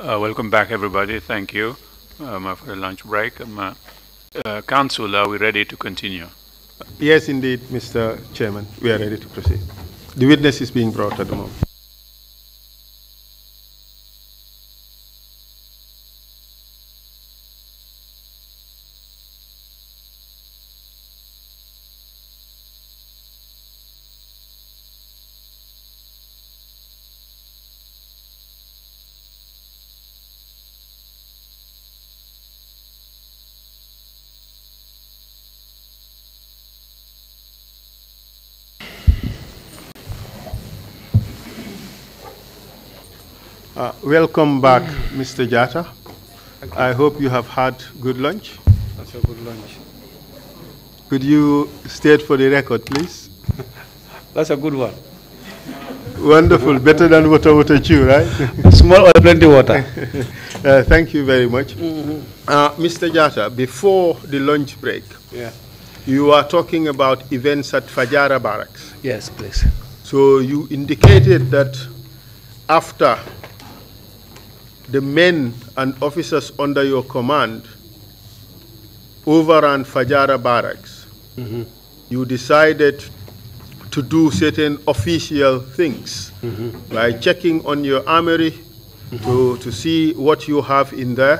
Uh, welcome back, everybody. Thank you um, uh, the lunch break. Um, uh, uh, Council, are we ready to continue? Yes, indeed, Mr. Chairman. We are ready to proceed. The witness is being brought at the moment. Uh, welcome back, Mr. Jatta. I hope you have had good lunch. That's a good lunch. Could you state for the record, please? That's a good one. Wonderful. Better than water, water chew, right? Small or plenty water. uh, thank you very much. Mm -hmm. uh, Mr. Jatta, before the lunch break, yeah. you are talking about events at Fajara Barracks. Yes, please. So you indicated that after the men and officers under your command overran Fajara barracks, mm -hmm. you decided to do certain official things mm -hmm. by checking on your armory mm -hmm. to, to see what you have in there.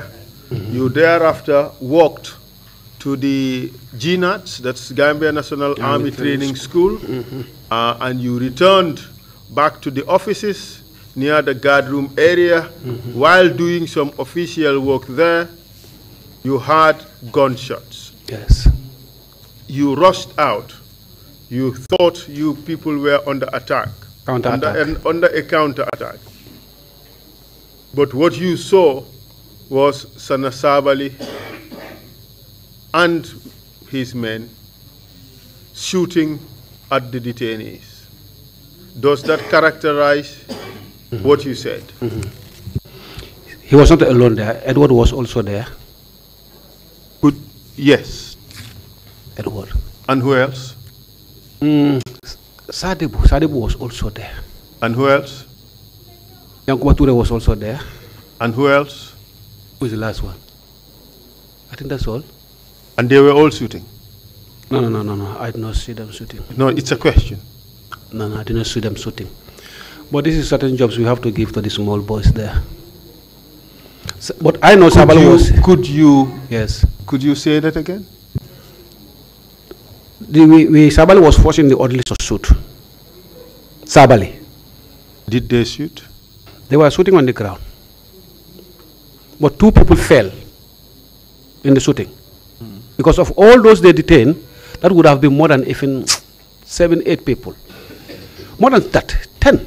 Mm-hmm. You thereafter walked to the GNATS, that's Gambia National Gambia Army Training School, mm-hmm. uh, and you returned back to the offices near the guardroom area. Mm -hmm. While doing some official work there, you heard gunshots. Yes. You rushed out. You thought you people were under attack. under, under a counter attack. But what you saw was Sanasabali and his men shooting at the detainees. Does that characterize mm. what you said. Mm -hmm. He was not alone there. Edward was also there. Good. Yes. Edward. And who else? Mm, Sadibu. Sadibu was also there. And who else? Yankuba was also there. And who else? Who is the last one? I think that's all. And they were all shooting? No, no, no, no, no. I did not see them shooting. No, it's a question. No, no, I did not see them shooting. But this is certain jobs we have to give to the small boys there. So, but I know Sabalon was. Could you? Yes. Could you say that again? The, we, we, Sabali was forcing the orderlies to shoot. Sabali. Did they shoot? They were shooting on the ground. But two people fell in the shooting. Mm. Because of all those they detained, that would have been more than even seven, eight people. More than that, ten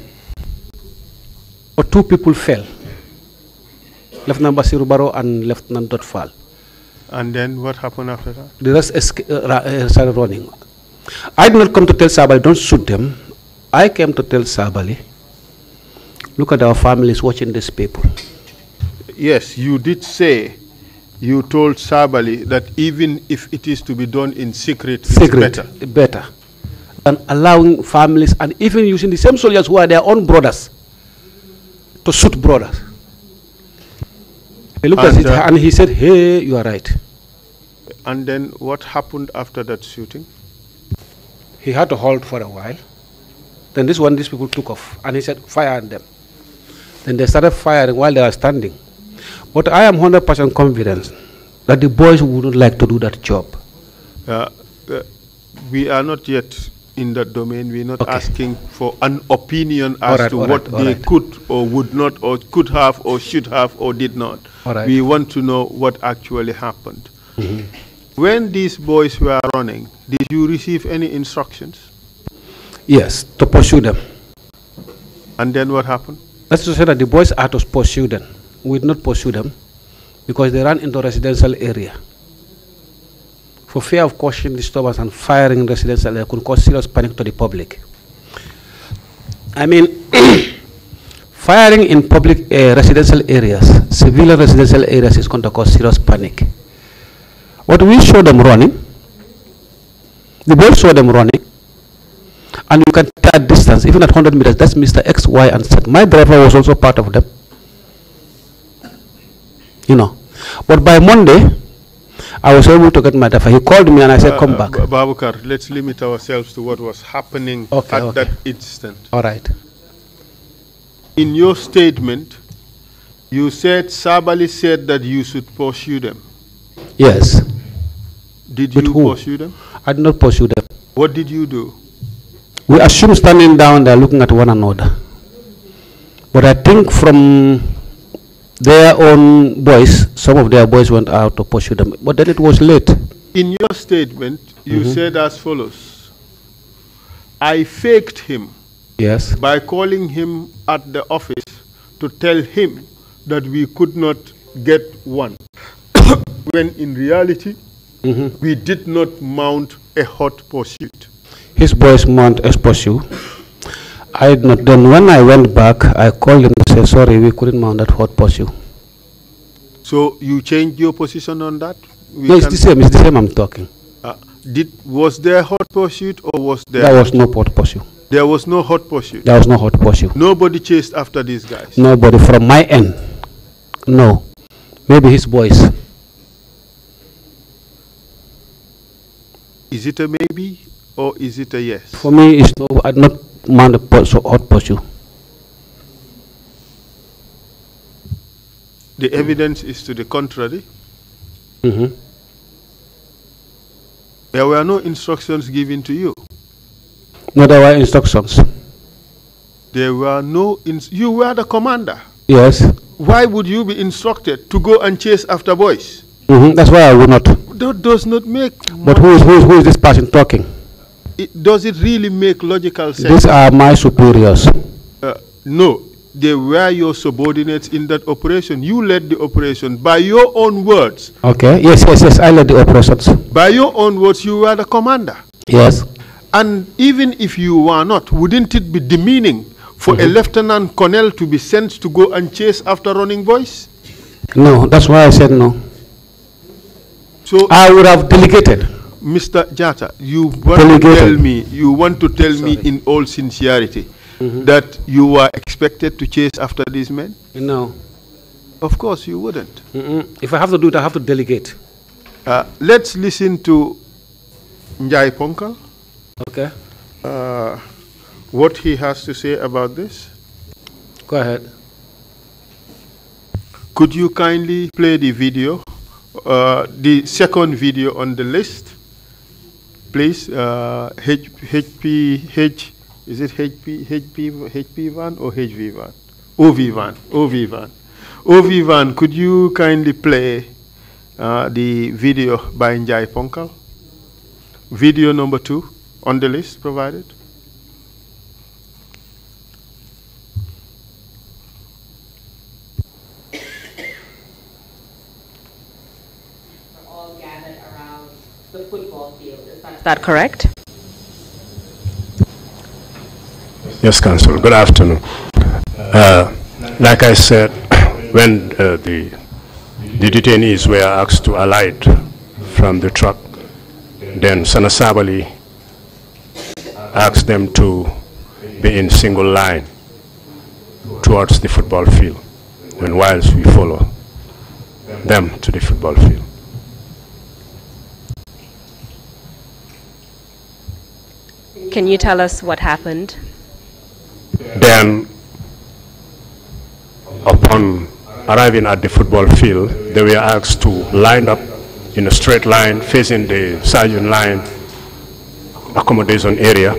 or two people fell. Lieutenant Basiru Baro and Lieutenant Dot Fall. And then what happened after that? The rest uh, uh, started running. I did not come to tell Sabali, don't shoot them. I came to tell Sabali, look at our families watching these people. Yes, you did say, you told Sabali that even if it is to be done in secret, secret it's better. better. And allowing families and even using the same soldiers who are their own brothers to shoot brothers. He looked and at it uh, and he said, hey, you are right. And then what happened after that shooting? He had to halt for a while. Then this one, these people took off and he said, fire on them. Then they started firing while they were standing. But I am 100% confident that the boys wouldn't like to do that job. Uh, uh, we are not yet in that domain. We're not okay. asking for an opinion as right, to what right, they right. could or would not or could have or should have or did not. We want to know what actually happened. Mm -hmm. When these boys were running, did you receive any instructions? Yes, to pursue them. And then what happened? Let's just say that the boys are to pursue them. We did not pursue them because they ran into residential area for fear of causing disturbance and firing residents that could cause serious panic to the public. I mean, firing in public uh, residential areas, civilian residential areas is going to cause serious panic. What we show them running, the boys show them running, and you can tell distance, even at 100 meters, that's Mr. X, Y, and Z. My driver was also part of them. You know. But by Monday, I was able to get my dafa. He called me and I said, uh, come uh, back. Babukar, let's limit ourselves to what was happening okay, at okay. that instant. All right. In your statement, you said Sabali said that you should pursue them. Yes. Did With you who? pursue them? I did not pursue them. What did you do? We assume standing down, they are looking at one another. But I think from their own boys, some of their boys went out to pursue them, but then it was late. In your statement, you mm -hmm. said as follows I faked him. Yes. By calling him at the office to tell him that we could not get one. when in reality, mm -hmm. we did not mount a hot pursuit. His boys mount a pursuit. I not, then when I went back, I called him and said, sorry, we couldn't mount that hot pursuit. So you changed your position on that? We no, it's the same. It's the same I'm talking. Uh, did Was there hot pursuit or was there? There was no hot pursuit. There was no hot pursuit? There was no hot pursuit. Nobody chased after these guys? Nobody. From my end, no. Maybe his boys. Is it a maybe or is it a yes? For me, it's no, I'm not so hot pursue. The evidence is to the contrary. Mm -hmm. There were no instructions given to you. No, there were instructions. There were no. you were the commander. Yes. Why would you be instructed to go and chase after boys? Mm -hmm. That's why I would not. That does not make. But who is, who is, who is this person talking? it, does it really make logical sense? These are my superiors. Uh, no, they were your subordinates in that operation. You led the operation by your own words. Okay, yes, yes, yes, I led the operations. By your own words, you were the commander. Yes. And even if you were not, wouldn't it be demeaning for mm -hmm. a mm-hmm. lieutenant colonel to be sent to go and chase after running boys? No, that's why I said no. So I would have delegated. Mr. Jata, you want to tell me, you want to tell Sorry. me in all sincerity mm -hmm. that you were expected to chase after these men? No. Of course you wouldn't. Mm -mm. If I have to do it, I have to delegate. Uh, let's listen to Njai Ponkal. Okay. Uh, what he has to say about this. Go ahead. Could you kindly play the video, uh, the second video on the list? Please, uh, H, HP, H, is it HP, HP, HP or HV one? OV one. OV one. OV one. could you kindly play uh, the video by Njai Ponkal? Video number two on the list provided. that correct? Yes, Council. Good afternoon. Uh, like I said, when uh, the, the detainees were asked to alight from the truck, then Sanasabali asked them to be in single line towards the football field, and whilst we follow them to the football field. Can you tell us what happened? Then, upon arriving at the football field, they were asked to line up in a straight line facing the sergeant line accommodation area.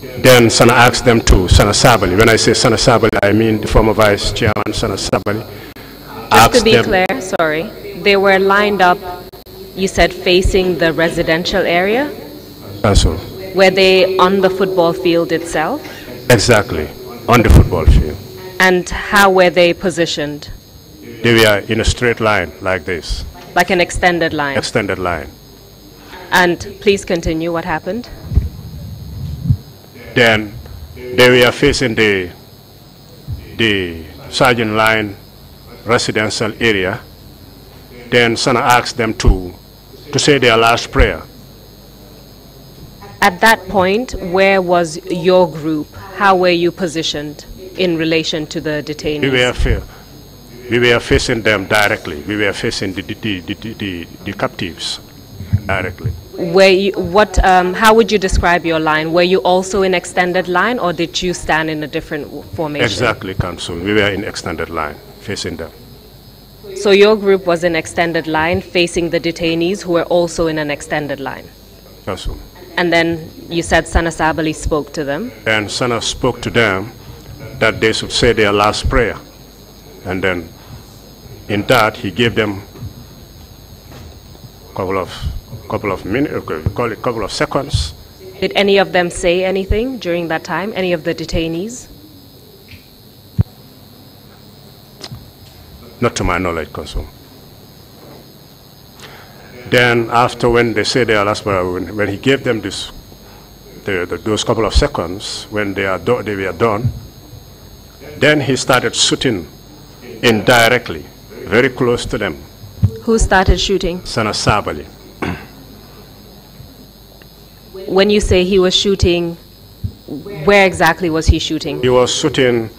Then Sana asked them to, Sana Sabali, when I say Sana Sabali, I mean the former vice chairman, Sana Sabali. Just to be clear, sorry, they were lined up, you said facing the residential area? That's all. Were they on the football field itself? Exactly, on the football field. And how were they positioned? They were in a straight line, like this. Like an extended line? Extended line. And please continue, what happened? Then they were facing the, the Sergeant Line residential area. Then Sana asked them to, to say their last prayer. At that point, where was your group? How were you positioned in relation to the detainees? We were, we were facing them directly. We were facing the, the, the, the, the captives directly. Were you, what, um, how would you describe your line? Were you also in extended line or did you stand in a different formation? Exactly, Council. We were in extended line, facing them. So your group was in extended line facing the detainees who were also in an extended line? Council. And then you said Sanasabali spoke to them. And Sana spoke to them that they should say their last prayer. And then in that, he gave them a couple of, couple of minutes, uh, call it couple of seconds. Did any of them say anything during that time, any of the detainees? Not to my knowledge, Consul. Then after when they say their last when, when he gave them this, the, the, those couple of seconds when they, are do, they were done, then he started shooting indirectly, very close to them. Who started shooting? Sana Sabali. when you say he was shooting, where exactly was he shooting? He was shooting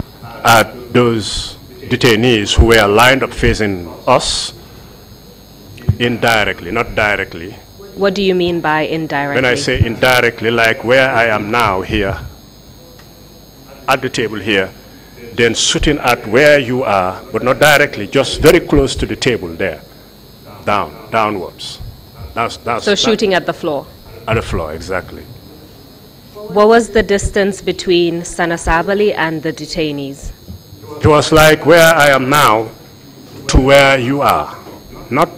at those detainees who were lined up facing us Indirectly, not directly. What do you mean by indirectly? When I say indirectly, like where I am now here, at the table here, then shooting at where you are, but not directly, just very close to the table there, down, downwards. That's, that's, so shooting that, at the floor? At the floor, exactly. What was the distance between Sanasabali and the detainees? It was like where I am now to where you are. Not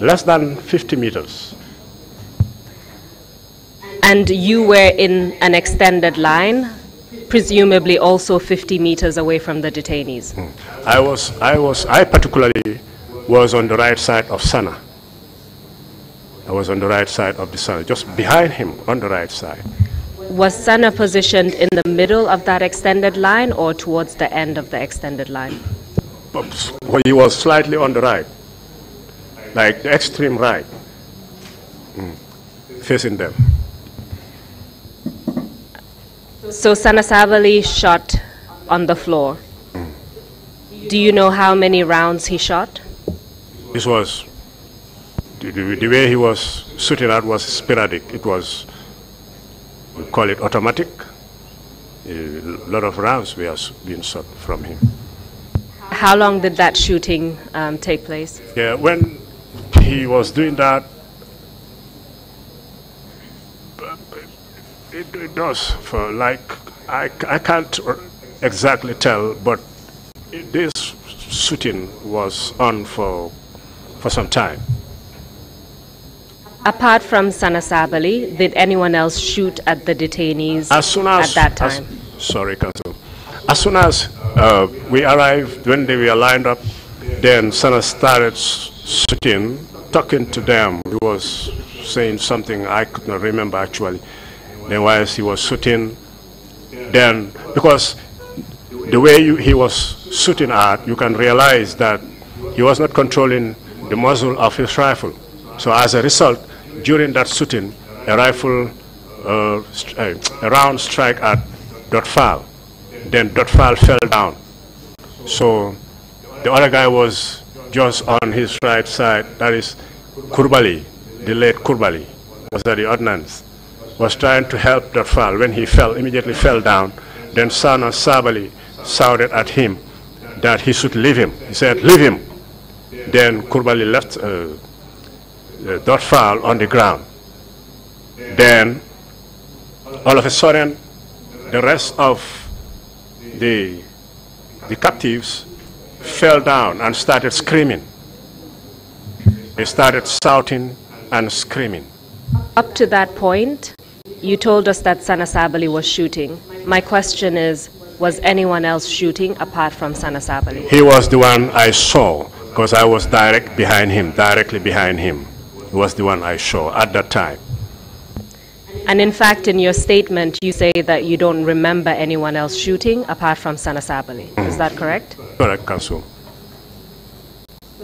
less than 50 meters. And you were in an extended line, presumably also 50 meters away from the detainees. Mm. I was, I was, I particularly was on the right side of Sana. I was on the right side of the Sana, just behind him on the right side. Was Sana positioned in the middle of that extended line or towards the end of the extended line? he was slightly on the right like the extreme right mm, facing them. So Sanasavali shot on the floor. Mm. Do you know how many rounds he shot? This was, the, way he was shooting at was sporadic. It was, we call it automatic. A lot of rounds were being shot from him. How long did that shooting um, take place? Yeah, when he was doing that it, it does for like I, I can't exactly tell but this shooting was on for for some time apart from Sanasabali did anyone else shoot at the detainees as soon as, at that time as, sorry council as soon as uh, we arrived when they were lined up then Sana started shooting talking to them, he was saying something I could not remember actually. Then whilst he was shooting, then because the way you, he was shooting at, you can realize that he was not controlling the muzzle of his rifle. So as a result, during that shooting, a rifle, uh, uh, a round strike at Dot file. Then Dot file fell down. So the other guy was just on his right side, that is Kurbali, the late Kurbali, was at the ordnance, was trying to help that fall. When he fell, immediately fell down, then Sana Sabali shouted at him that he should leave him. He said, leave him. Then Kurbali left uh, uh fall on the ground. Then, all of a sudden, the rest of the, the captives fell down and started screaming. They started shouting and screaming. Up to that point, you told us that Sana Sabali was shooting. My question is, was anyone else shooting apart from Sana Sabali? He was the one I saw because I was direct behind him, directly behind him. He was the one I saw at that time. And in fact, in your statement, you say that you don't remember anyone else shooting apart from Sana Sabali. Mm. Is that correct? Correct, Council.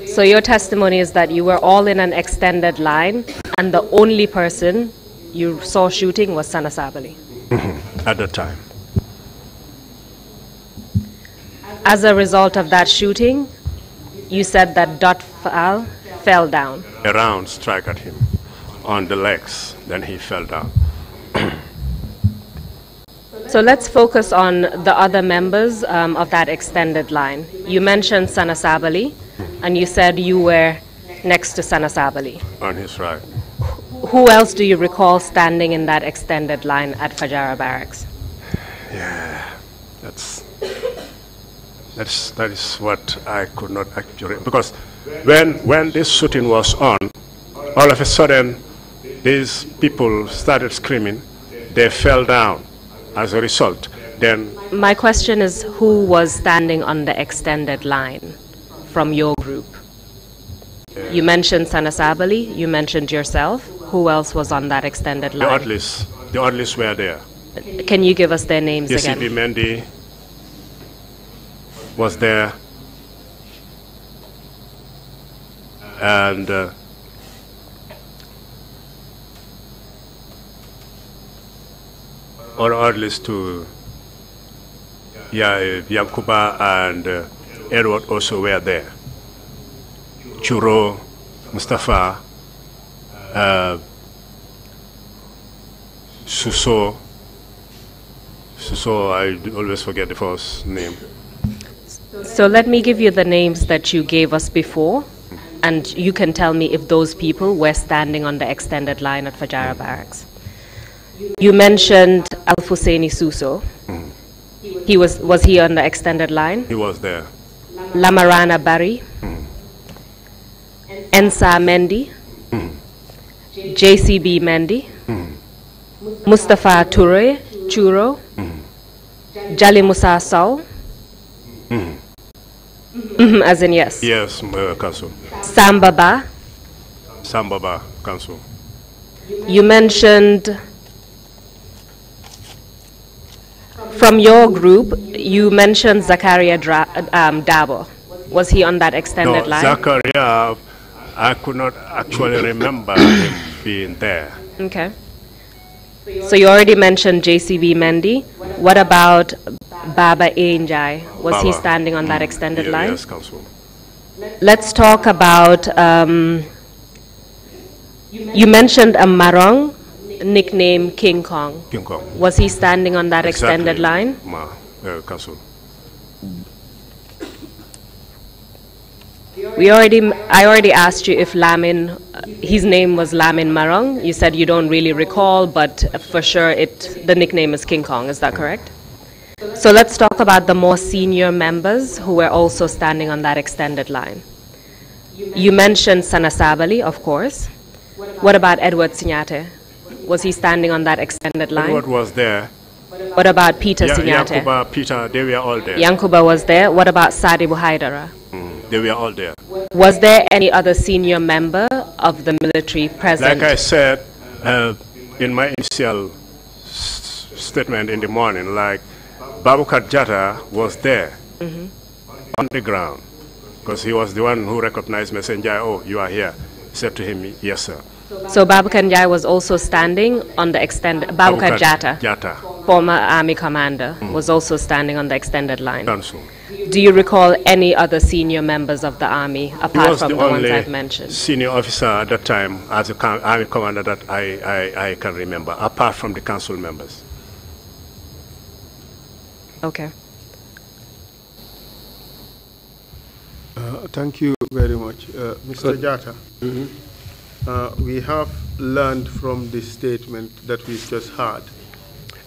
So your testimony is that you were all in an extended line, and the only person you saw shooting was Sana Sabali. Mm-hmm. At the time. As a result of that shooting, you said that Dot fell down. A round struck at him on the legs, then he fell down. So let's focus on the other members um, of that extended line. You mentioned Sanasabali, and you said you were next to Sanasabali. On his right. Who else do you recall standing in that extended line at Fajara Barracks? Yeah, that's that's that is what I could not actually because when when this shooting was on, all of a sudden these people started screaming. They fell down as a result, then... My question is who was standing on the extended line from your group? you mentioned Sanasabali, you mentioned yourself. Who else was on that extended line? The Odlis. The Odlis were there. Can you give us their names yes, again? Mendy was there. And... Uh, or, at least to yeah, Yankuba and uh, Edward also were there. Churo, Mustafa, uh, Suso, Suso, I always forget the first name. So let me give you the names that you gave us before, and you can tell me if those people were standing on the extended line at Fajara Barracks. You mentioned Al Suso. Mm. He was was he on the extended line? He was there. Lamarana Barry. Mm. Ensa Mendy. Mm. JCB Mendy. Mm. Mustafa Toure Churo. Mm. Jali Musa Saul. Mm. Mm-hmm. As in yes. Yes, uh, Sambaba. Sambaba, Council. You mentioned From your group, you mentioned Zakaria Dra- um, Dabo. Was he on that extended no, line? Zakaria, I could not actually remember him being there. Okay. So you already mentioned JCB Mendy. What about Baba Ainjai? Was Baba. he standing on that extended yeah, line? Yes, Council. Let's talk about. Um, you mentioned a Marong nickname King Kong. King Kong. Was he standing on that exactly. extended line? Ma, uh, We already, I already asked you if Lamin, uh, his name was Lamin Marong. You said you don't really recall, but for sure it, the nickname is King Kong. Is that correct? So let's talk about the more senior members who were also standing on that extended line. You mentioned Sanasabali, of course. What about Edward Sinyate? Was he standing on that extended line? What was there? What about Peter ya- Sinyate? Yankuba, Peter, they were all there. Yankuba was there. What about Sadi Buhaidara? Mm, they were all there. Was there any other senior member of the military present? Like I said uh, in my initial s- statement in the morning, like Babukar Jatta was there mm-hmm. on the ground because he was the one who recognized Messenger. Oh, you are here. Said to him, Yes, sir. So Babakar Njai was also standing on the extended, Babakar Jatta, former army commander, mm. was also standing on the extended line. Council. Do you recall any other senior members of the army apart from the, the ones I've mentioned? Senior officer at that time, as an army commander, that I, I, I can remember, apart from the council members. Okay. Uh, thank you very much, uh, Mr. Good. Mm -hmm. Uh, we have learned from the statement that we just heard.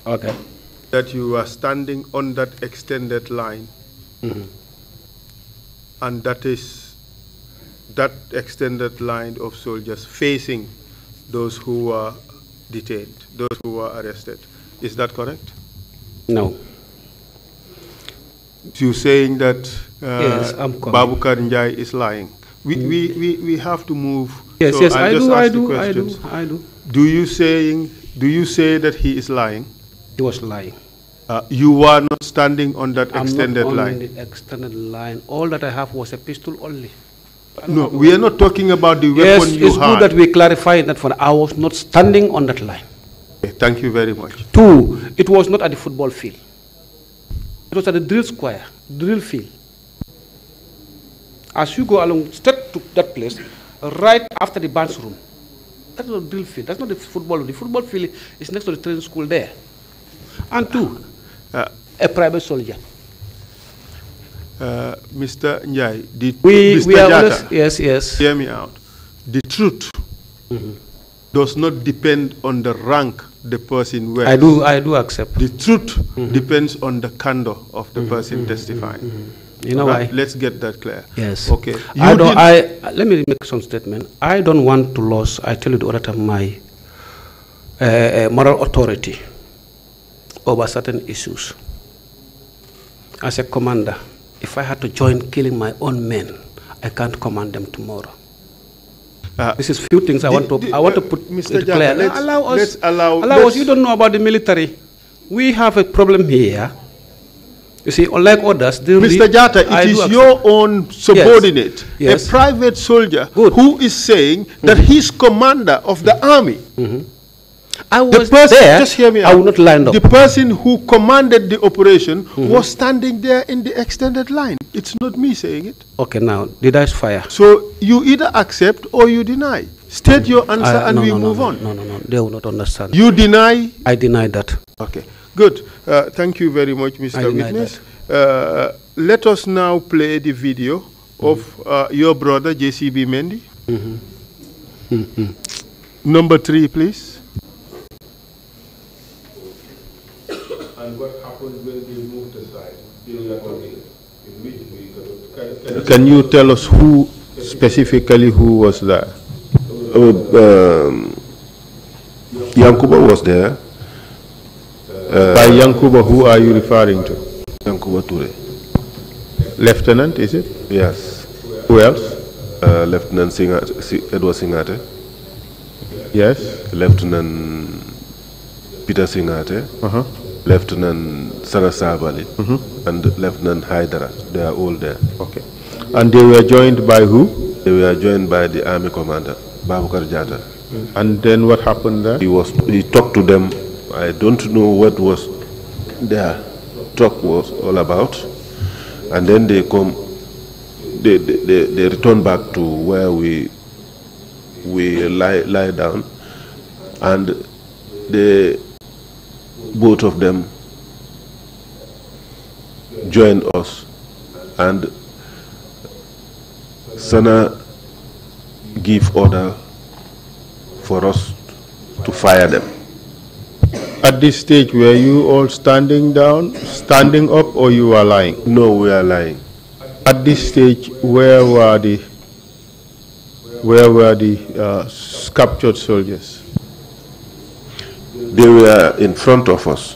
Okay. That you are standing on that extended line. Mm -hmm. And that is that extended line of soldiers facing those who were detained, those who were arrested. Is that correct? No. You're saying that uh, yes, Babu Karnjai is lying? we, we, mm. we, we have to move. Yes, so yes, I, I do, I do, I do, I do. Do you saying? Do you say that he is lying? He was lying. Uh, you were not standing on that I'm extended not on line. the extended line. All that I have was a pistol only. No, we are not talking about the yes, weapon yes, you it's good that we clarify that for I was not standing on that line. Okay, thank you very much. Two, it was not at the football field. It was at the drill square, drill field as you go along straight to that place, right after the band's room. That's not drill field. That's not the football. The football field is next to the training school there. And two, uh, a private soldier. Uh, Mr. Njai, the we, Mr. We are Jata, yes, yes. Hear me out. The truth mm -hmm. does not depend on the rank the person wears. I do, I do accept. The truth mm -hmm. depends on the candor of the mm -hmm. person mm-hmm. testifying. Mm-hmm. You know right. why? Let's get that clear. Yes. Okay. You I don't. I let me make some statement. I don't want to lose. I tell you the other time my uh, uh, moral authority over certain issues. As a commander, if I had to join killing my own men, I can't command them tomorrow. Uh, this is few things I want to. The, I want to uh, put Mr. Jaka, clear. Let's, allow us. Let's allow, allow let's us. You don't know about the military. We have a problem here you see, unlike others, Mr. Jata, it I is your own subordinate, yes. Yes. a private soldier, Good. who is saying mm -hmm. that mm-hmm. he's commander of the mm-hmm. army. Mm -hmm. I was the person, there. Just hear me I out. will not line up. The person who commanded the operation mm -hmm. was standing there in the extended line. It's not me saying it. Okay, now did I fire? So you either accept or you deny. State your mm-hmm. answer I, and no, we no, move no, on. No, no, no. They will not understand. You deny. I deny that. Okay. Good. Uh, thank you very much, Mr. Witness. Uh, let us now play the video mm -hmm. of mm-hmm. uh, your brother, JCB Mendy. Mm -hmm. Mm -hmm. Number three, please. And what when aside? Can you tell us who, specifically, who was there? Uh, um, Yankuba was there. Uh, By Yankuba, who are you referring to? Yankuba Ture. Lieutenant, is it? Yes. Who else? Uh, Lieutenant Edward Singate. Yes. Lieutenant Peter Singate. Uh -huh. Lieutenant Sarasabali. Uh mm-hmm. -huh. And Lieutenant Hydra. They are all there. Okay. And they were joined by who? They were joined by the army commander, Babu Jata. And then what happened there? He was he talked to them I don't know what was their talk was all about. And then they come, they, they, they return back to where we, we lie, lie down. And the, both of them joined us. And Sana give order for us to fire them. At this stage, were you all standing down, standing up, or you were lying? No, we are lying. At this stage, where were the where were the uh, captured soldiers? They were in front of us.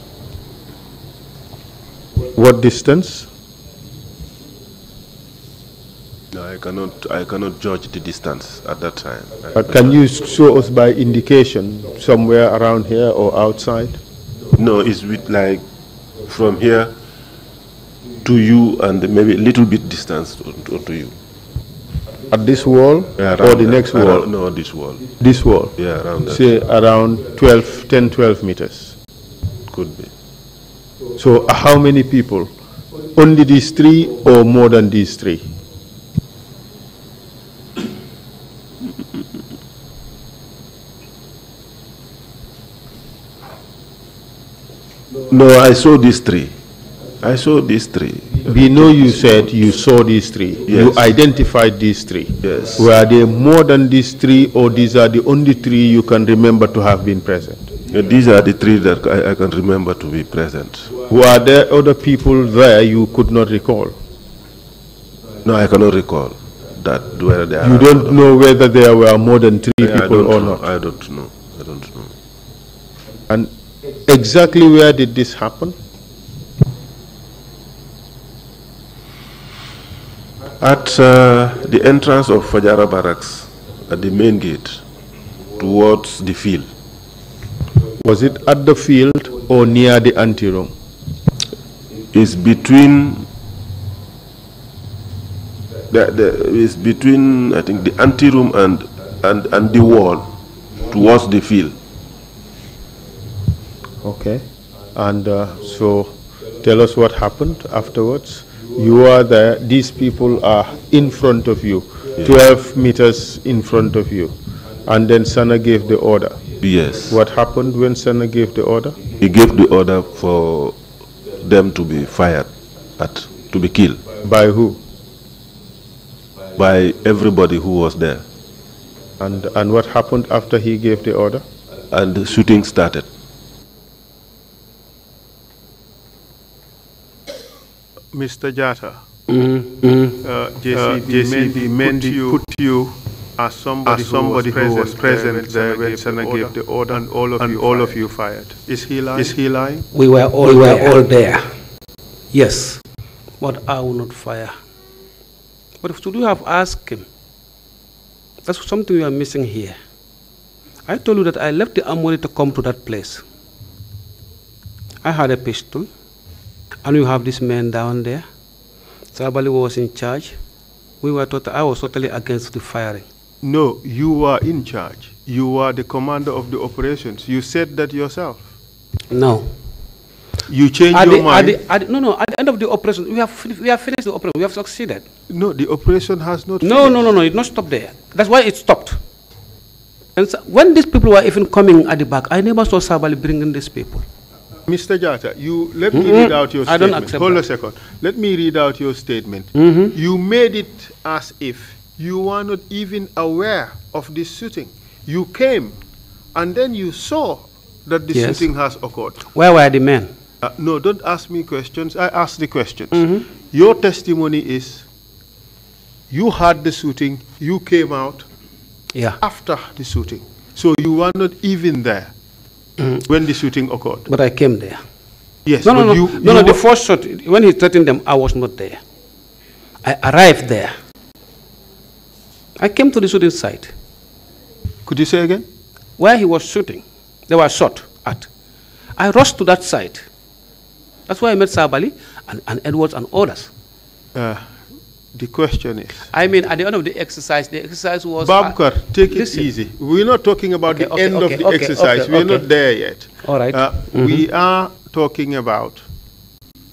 What distance? cannot, I cannot judge the distance at that time. But uh, can you show us by indication somewhere around here or outside? No, it's with like from here to you and maybe a little bit distance to, to you. At this wall yeah, or the that, next wall? Around, no, this wall. This wall? Yeah, around that. Say around 12, 10, 12 meters? Could be. So how many people? Only these three or more than these three? No, I saw these three. I saw these three. We know you said you saw these three. Yes. You identified these three. Yes. Were there more than these three, or these are the only three you can remember to have been present? These are the three that I, I can remember to be present. Were there other people there you could not recall? No, I cannot recall that whether there. You don't know whether there were more than three I, people I or know. not. I don't know. I don't know. And exactly where did this happen? At uh, the entrance of Fajara Barracks, at the main gate, towards the field. Was it at the field or near the anteroom? It's between the, the, it's between I think the anteroom and, and and the wall towards the field. Okay. And uh, so tell us what happened afterwards. You are there, these people are in front of you, 12 meters in front of you. And then Sana gave the order. Yes. What happened when Sana gave the order? He gave the order for them to be fired at, to be killed. By who? By everybody who was there. And, and what happened after he gave the order? And the shooting started. Mr. Jatta, mm, mm. Uh, JCB, uh, JCB Mendy, put you, put you as somebody, as somebody who, was present there when Senna gave the order, and all of, and you, all fired. of you fired. Is he lying? Is he lying? We were all, we were all there. Yes, but I will not fire. But should you have asked him? That's something we are missing here. I told you that I left the armory to come to that place. I had a pistol. And you have this man down there. Sabali was in charge. We were total, I was totally against the firing. No, you were in charge. You were the commander of the operations. You said that yourself. No. You changed at your the, mind. At the, at the, no, no. At the end of the operation, we have we have finished the operation. We have succeeded. No, the operation has not. No, finished. no, no, no. It not stopped there. That's why it stopped. And so when these people were even coming at the back, I never saw Sabali bringing these people. Mr. Jata, you let mm -hmm. me mm-hmm. read out your I statement. Don't accept Hold that. a second. Let me read out your statement. Mm -hmm. You made it as if you were not even aware of this shooting. You came and then you saw that the yes. shooting has occurred. Where were the men? Uh, no, don't ask me questions. I ask the questions. Mm -hmm. Your testimony is you had the shooting, you came out yeah. after the shooting. So you were not even there. Mm. When the shooting occurred? But I came there. Yes. No, no, no. You, no, you no, the first shot, when he threatened them, I was not there. I arrived there. I came to the shooting site. Could you say again? Where he was shooting, they were shot at. I rushed to that site. That's where I met Sabali and, and Edwards and others. Uh. The question is. I mean, at the end of the exercise, the exercise was. Babkar, uh, take it easy. We're not talking about okay, the okay, end okay, of the exercise. We're not there yet. All right. Uh, mm -hmm. We are talking about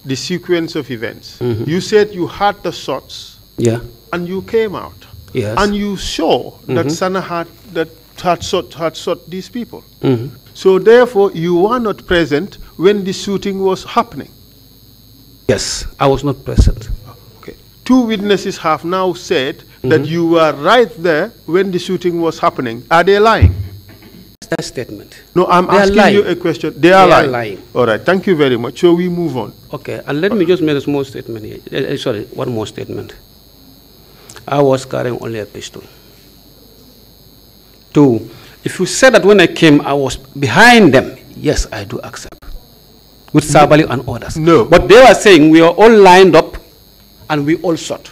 the sequence of events. Mm -hmm. You said you had the shots. Yeah. And you came out. Yes. And you saw mm -hmm. that mm-hmm. Sana had that had shot had shot these people. Mm-hmm. So therefore, you were not present when the shooting was happening. Yes, I was not present two witnesses have now said mm -hmm. that mm-hmm. you were right there when the shooting was happening. Are they lying? That statement. No, I'm they asking you a question. They, are, they lying. are, lying. All right. Thank you very much. So we move on. Okay. And let All me right. just make a small statement here. Uh, sorry, one more statement. I was carrying only a pistol. Two, if you said that when I came, I was behind them, yes, I do accept. With Sabali no. and others. No. But they were saying we are all lined up and we all shot.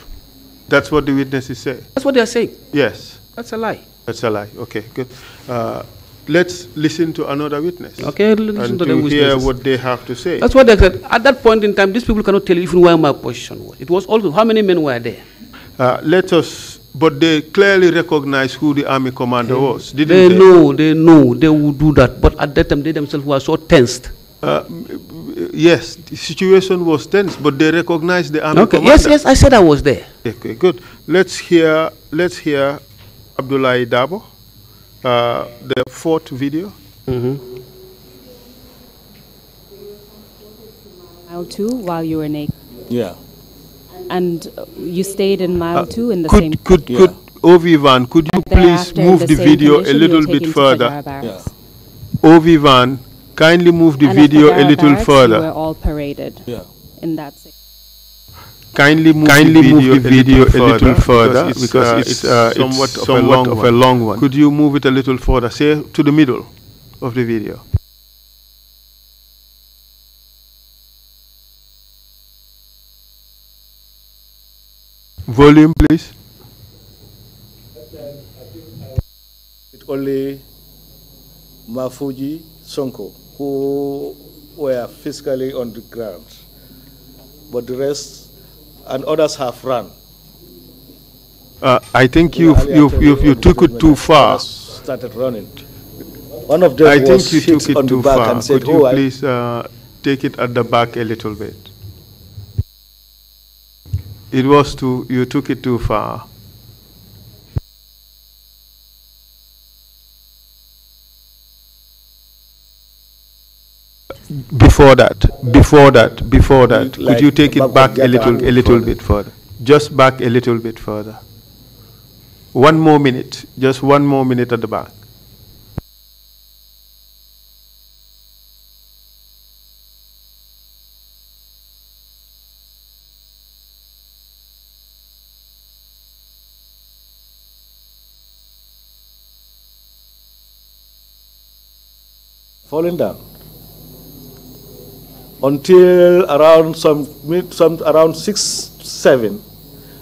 That's what the witnesses say. That's what they are saying. Yes. That's a lie. That's a lie. Okay, good. Uh, let's listen to another witness. Okay, listen and to, to the witness. hear what they have to say. That's what they said. At that point in time, these people cannot tell you even where my position was. It was also how many men were there. Uh, let us. But they clearly recognize who the army commander okay. was, didn't they? They know, they know, they would do that. But at that time, they themselves were so tensed uh, yes, the situation was tense, but they recognized the army. Okay. Commander. Yes, yes, I said I was there. Okay, good. Let's hear. Let's hear Abdullah Dabo, uh, the fourth video. Mm hmm Mile two, while you were naked. Yeah. And uh, you stayed in mile uh, two in the could, same. Could yeah. could Ovivan? Could you please move the, the video a little bit further? Yeah. Ovivan Kindly move the and video a little further. We were all paraded yeah. in that Kindly move, Kindly the, video move the video a little, a little further, because it's, because uh, it's, uh, somewhat, of, somewhat a long of a long one. Could you move it a little further, say to the middle of the video? Volume, please. It's only Mafuji Sonko who were physically on the ground, but the rest and others have run. Uh, I think you you you you took it too far. Started running. One of them I was think you took it too far. Said, Could you oh, please uh, take it at the back a little bit? It was too. You took it too far. before that, before that, before that, could you take it back a little, a little further. bit further? Just back a little bit further. One more minute, just one more minute at the back. Falling down until around some, some around six seven,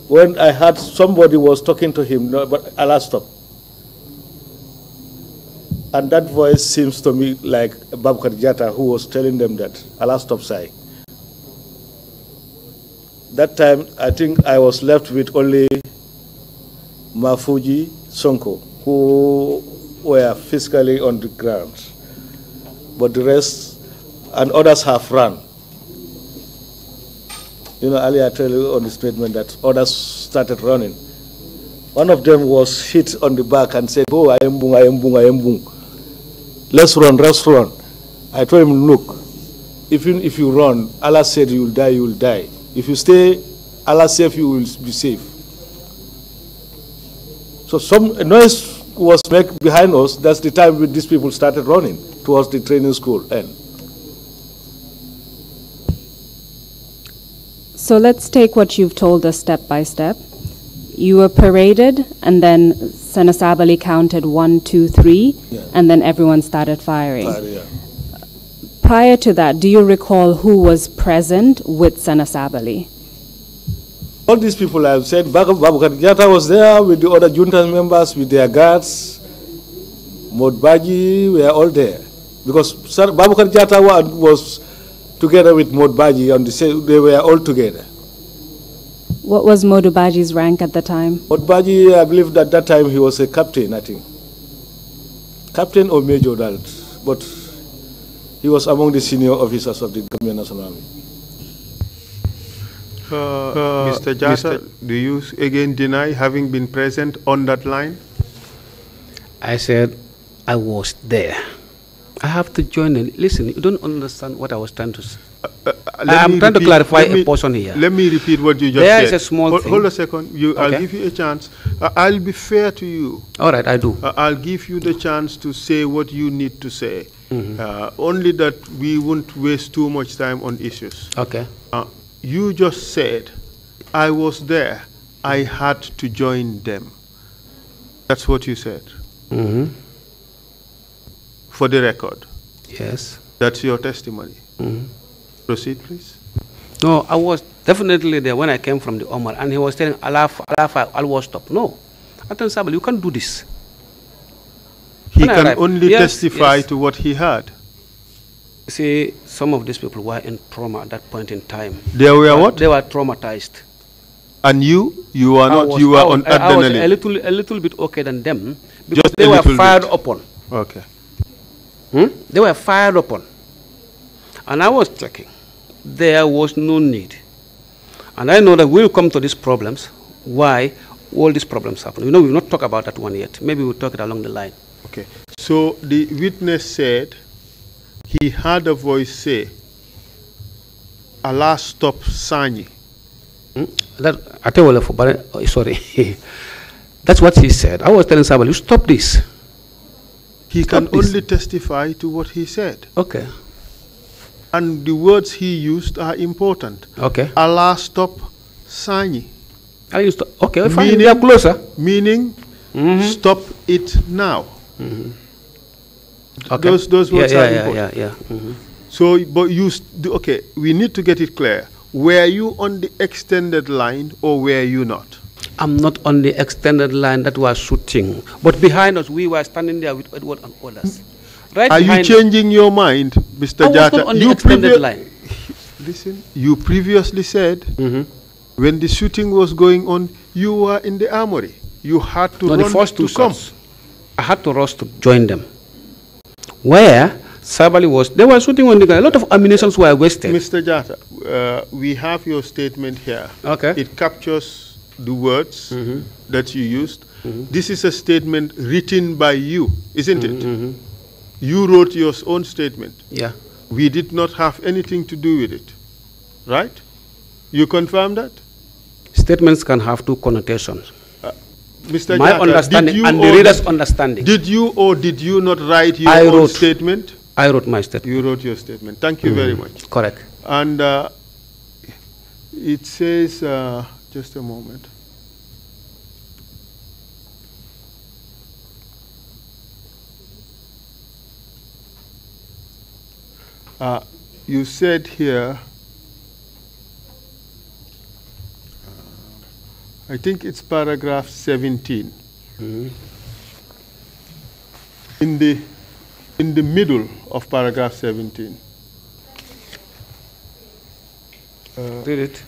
when I heard somebody was talking to him but about stop. And that voice seems to me like Babu Jata, who was telling them that stop Sai. That time, I think I was left with only Mafuji Sonko, who were physically on the ground. But the rest and others have run. You know, earlier I told you on the statement that others started running. One of them was hit on the back and said, Oh, I am boom, I am boom, I am boom. Let's run, let's run. I told him, Look, even if you run, Allah said you will die, you will die. If you stay, Allah safe, you will be safe. So some noise was made behind us. That's the time these people started running towards the training school end. So let's take what you've told us step by step. You were paraded, and then Senasabali counted one, two, three, yeah. and then everyone started firing. Fire, yeah. Prior to that, do you recall who was present with Senasabali? All these people I have said, Babu Gata was there with the other junta members, with their guards, Modbaji, we are all there. Because Babakat Jata was together with Modbaji on the same, they were all together. What was Modubaji's rank at the time? Modbaji, I believe at that time he was a captain, I think. Captain or major adult, but he was among the senior officers of the Gambian National Army. Uh, uh, Mr. Jata, do you again deny having been present on that line? I said I was there. I have to join in. Listen, you don't understand what I was trying to say. Uh, uh, I'm trying repeat, to clarify me, a portion here. Let me repeat what you just there said. There is a small hold, thing. Hold a second. You, okay. I'll give you a chance. Uh, I'll be fair to you. All right, I do. Uh, I'll give you the chance to say what you need to say. Mm -hmm. only that we won't waste too much time on issues. Okay. Uh, you just said, I was there. I had to join them. That's what you said. Mm -hmm for the record. Yes. That's your testimony. Mm -hmm. Proceed, please. No, I was definitely there when I came from the Omar, and he was telling Allah, Allah, Allah, stop. No. Atan Sabal, you can't do this. He when can only yes, testify yes. to what he heard. See, some of these people were in trauma at that point in time. They were what? They were traumatized. And you, you were not, was, you were on adrenaline. I was a little, a little bit okay than them because Just they were fired bit. upon. Okay. Hmm? They were fired upon. And I was checking. There was no need. And I know that we'll come to these problems, why all these problems happen. You know, we've not talked about that one yet. Maybe we'll talk it along the line. Okay. So the witness said he heard a voice say, Allah stop Sani. Hmm? That, I tell you, eh, sorry. That's what he said. I was telling Sani, you stop this. He Stop can this. only testify to what he said. Okay. And the words he used are important. Okay. Allah stop sani. I used to, okay, we find we are closer. Meaning, mm -hmm. stop it now. Mm -hmm. Okay. Those, those words yeah, yeah, are important. Yeah, yeah, mm -hmm. So, but you, okay, we need to get it clear. Were you on the extended line or were you not? I'm not on the extended line that was shooting, but behind us, we were standing there with Edward and others. Right Are you changing your mind, Mr. I Jata? on you the extended line. Listen, you previously said mm -hmm. when the shooting was going on, you were in the armory. You had to no, run the first two to shots, I had to rush to join them. Where Sabali was, they were shooting on the guy. A lot of ammunition were wasted. Mr. Jata, uh, we have your statement here. Okay. It captures the words mm -hmm. that you used. Mm -hmm. This is a statement written by you, isn't mm -hmm. it? Mm-hmm. You wrote your own statement. Yeah. We did not have anything to do with it, right? You confirm that? Statements can have two connotations. Uh, Mr. My Jata, understanding and the reader's understanding. Did you or did you not write your I own wrote, statement? I wrote my statement. You wrote your statement. Thank you very mm-hmm. much. Correct. And uh, it says. Uh, just a moment. Uh, you said here, uh, I think it's paragraph 17. Mm. In, the, in the middle of paragraph 17. Uh, Did it?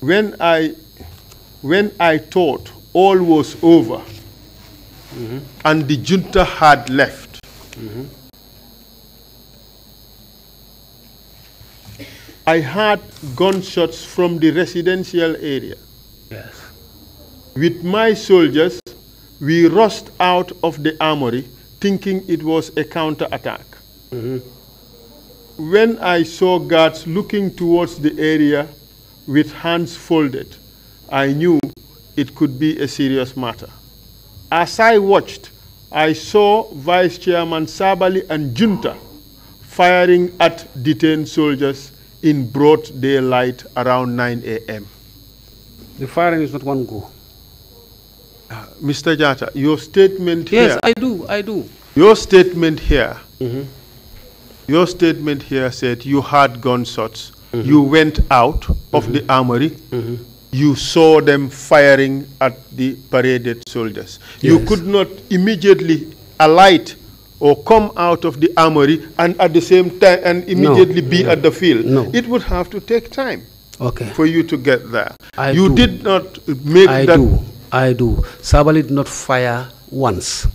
when I, when I thought all was over mm -hmm. and the junta had left, mm -hmm. I heard gunshots from the residential area. Yes. With my soldiers, we rushed out of the armory thinking it was a counterattack. Mm -hmm. When I saw guards looking towards the area with hands folded, I knew it could be a serious matter. As I watched, I saw Vice Chairman Sabali and Junta firing at detained soldiers in broad daylight around 9 a.m. The firing is not one go. Uh, Mr. Jata, your statement yes, here. Yes, I do, I do. Your statement here, mm -hmm. your statement here said you had gunshots Mm -hmm. You went out of mm -hmm. the armory. Mm -hmm. You saw them firing at the paraded soldiers. Yes. You could not immediately alight or come out of the armory and at the same time and immediately no. be no. at the field. No. It would have to take time okay. for you to get there. I you do. did not make I that. Do. I do. Sabali did not fire once.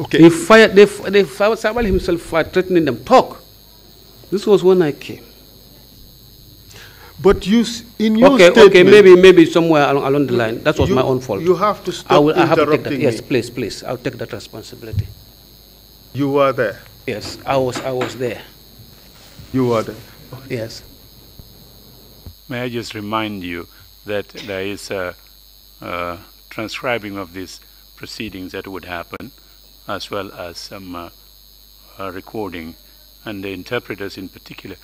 Okay. He fired, they, they fired, Sabali himself fired, threatening them, talk. This was when I came. But you, in your okay, statement, okay, maybe, maybe somewhere along, along the line, that was you, my own fault. You have to stop I will, I have to take that. Me. Yes, please, please, I'll take that responsibility. You were there. Yes, I was, I was there. You were there. Okay. Yes. May I just remind you that there is a, a transcribing of these proceedings that would happen, as well as some uh, uh recording and the interpreters in particular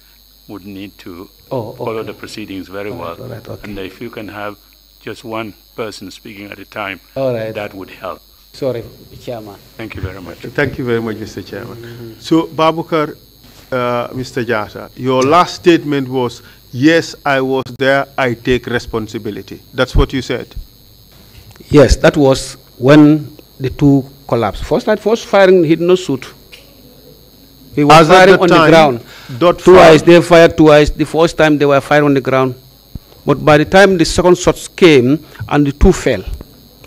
would need to oh, okay. follow the proceedings very all well. Right, right, okay. And if you can have just one person speaking at a time, all right. that would help. Sorry, Chairman. Thank you very much. Thank you very much, Mr. Chairman. Mm -hmm. So, Babukar, uh, Mr. Jata, your last statement was, yes, I was there, I take responsibility. That's what you said. Yes, that was when the two collapsed. First, first firing, hit no suit. He was As on time, the ground. Twice, they fired twice. The first time they were firing on the ground. But by the time the second shots came and the two fell,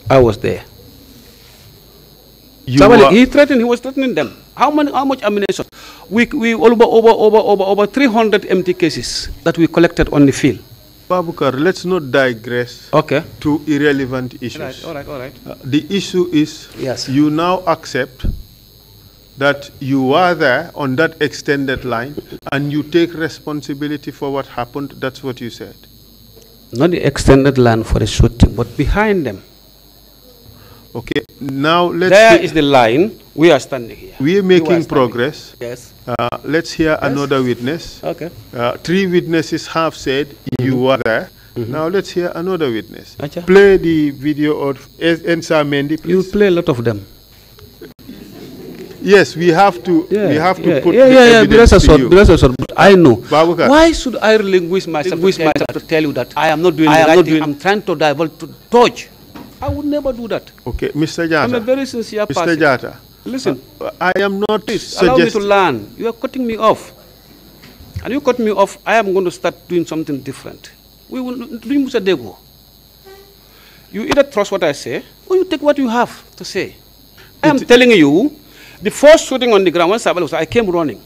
I was there. You Somebody, he threatened, he was threatening them. How many, how much ammunition? We, we over, over, over, over, over 300 empty cases that we collected on the field. Babukar, let's not digress okay. to irrelevant issues. All right, all right, all right. Uh, the issue is yes. you now accept that you were there on that extended line and you take responsibility for what happened. That's what you said. Not the extended line for the shooting, but behind them. Okay, now let's. There is the line. We are standing here. We are making progress. Yes. Uh, let's hear yes. another witness. Okay. Uh, three witnesses have said mm -hmm. you were mm-hmm. there. Mm -hmm. Now let's hear another witness. Acha. Play the video of Ensa please. You play a lot of them. Yes, we have to. Yeah, we have to yeah, put. Yeah, yeah, yeah. Bless us, Lord. Bless us, Lord. I know. Babuka. Why should I relinquish myself, myself to tell you that I am not doing. I am not doing. I'm trying to divert to touch. I would never do that. Okay, Mr. Jata. I'm a very sincere Mr. person. Mr. Jata. Listen. Uh, I am not. Please allow me to learn. You are cutting me off, and you cut me off. I am going to start doing something different. We will do Musadego. You either trust what I say, or you take what you have to say. I am telling you the first shooting on the ground, when Sabal was, I came running.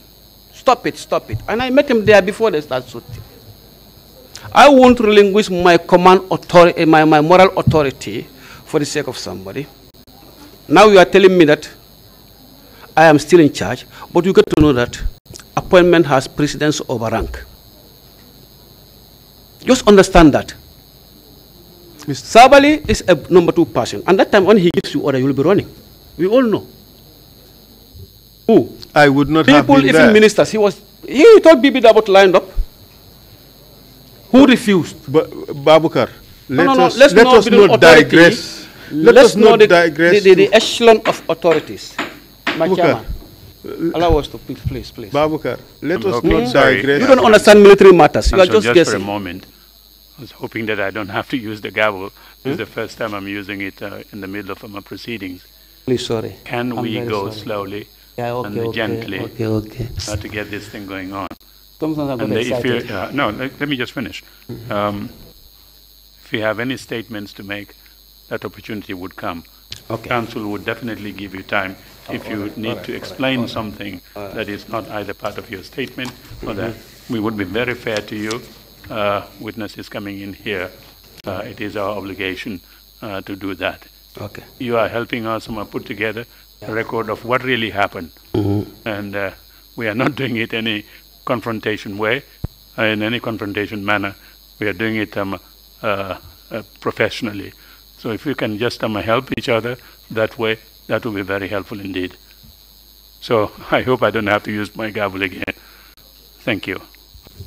Stop it, stop it. And I met him there before they start shooting. I won't relinquish my command authority, eh, my, my moral authority for the sake of somebody. Now you are telling me that I am still in charge, but you get to know that appointment has precedence over rank. Just understand that. Mr. Sabali is a number two person, and that time when he gives you order, you will be running. We all know. Who? I would not People, have been even there. ministers, he was, he told Bibi Dabot lined up. Who but, refused? But, Babukar, let no, no, no. us, let us not digress. Let us not the, digress. The, the, the, echelon of authorities. Babukar. Allow us to please, please, please. Babukar, let I'm us not sorry. digress. You don't understand military matters. You are just, just guessing. for a moment. I was hoping that I don't have to use the gavel. This hmm? is the first time I'm using it uh, in the middle of my proceedings. Please, sorry. Can I'm we go sorry. slowly? Yeah, okay, and okay, gently okay, okay. Uh, to get this thing going on. And if you, uh, no, let, let, me just finish. Mm-hmm. Um, if you have any statements to make, that opportunity would come. Okay. Council would definitely give you time oh, if you right, need right, to explain right, something that is not either part of your statement mm-hmm. or that we would be very fair to you. Uh, witnesses coming in here, uh, it is our obligation uh, to do that. Okay. You are helping us put together record of what really happened. Mm -hmm. And uh, we are not doing it any confrontation way, uh, in any confrontation manner. We are doing it um, uh, uh, professionally. So if you can just um, help each other that way, that will be very helpful indeed. So I hope I don't have to use my gavel again. Thank you.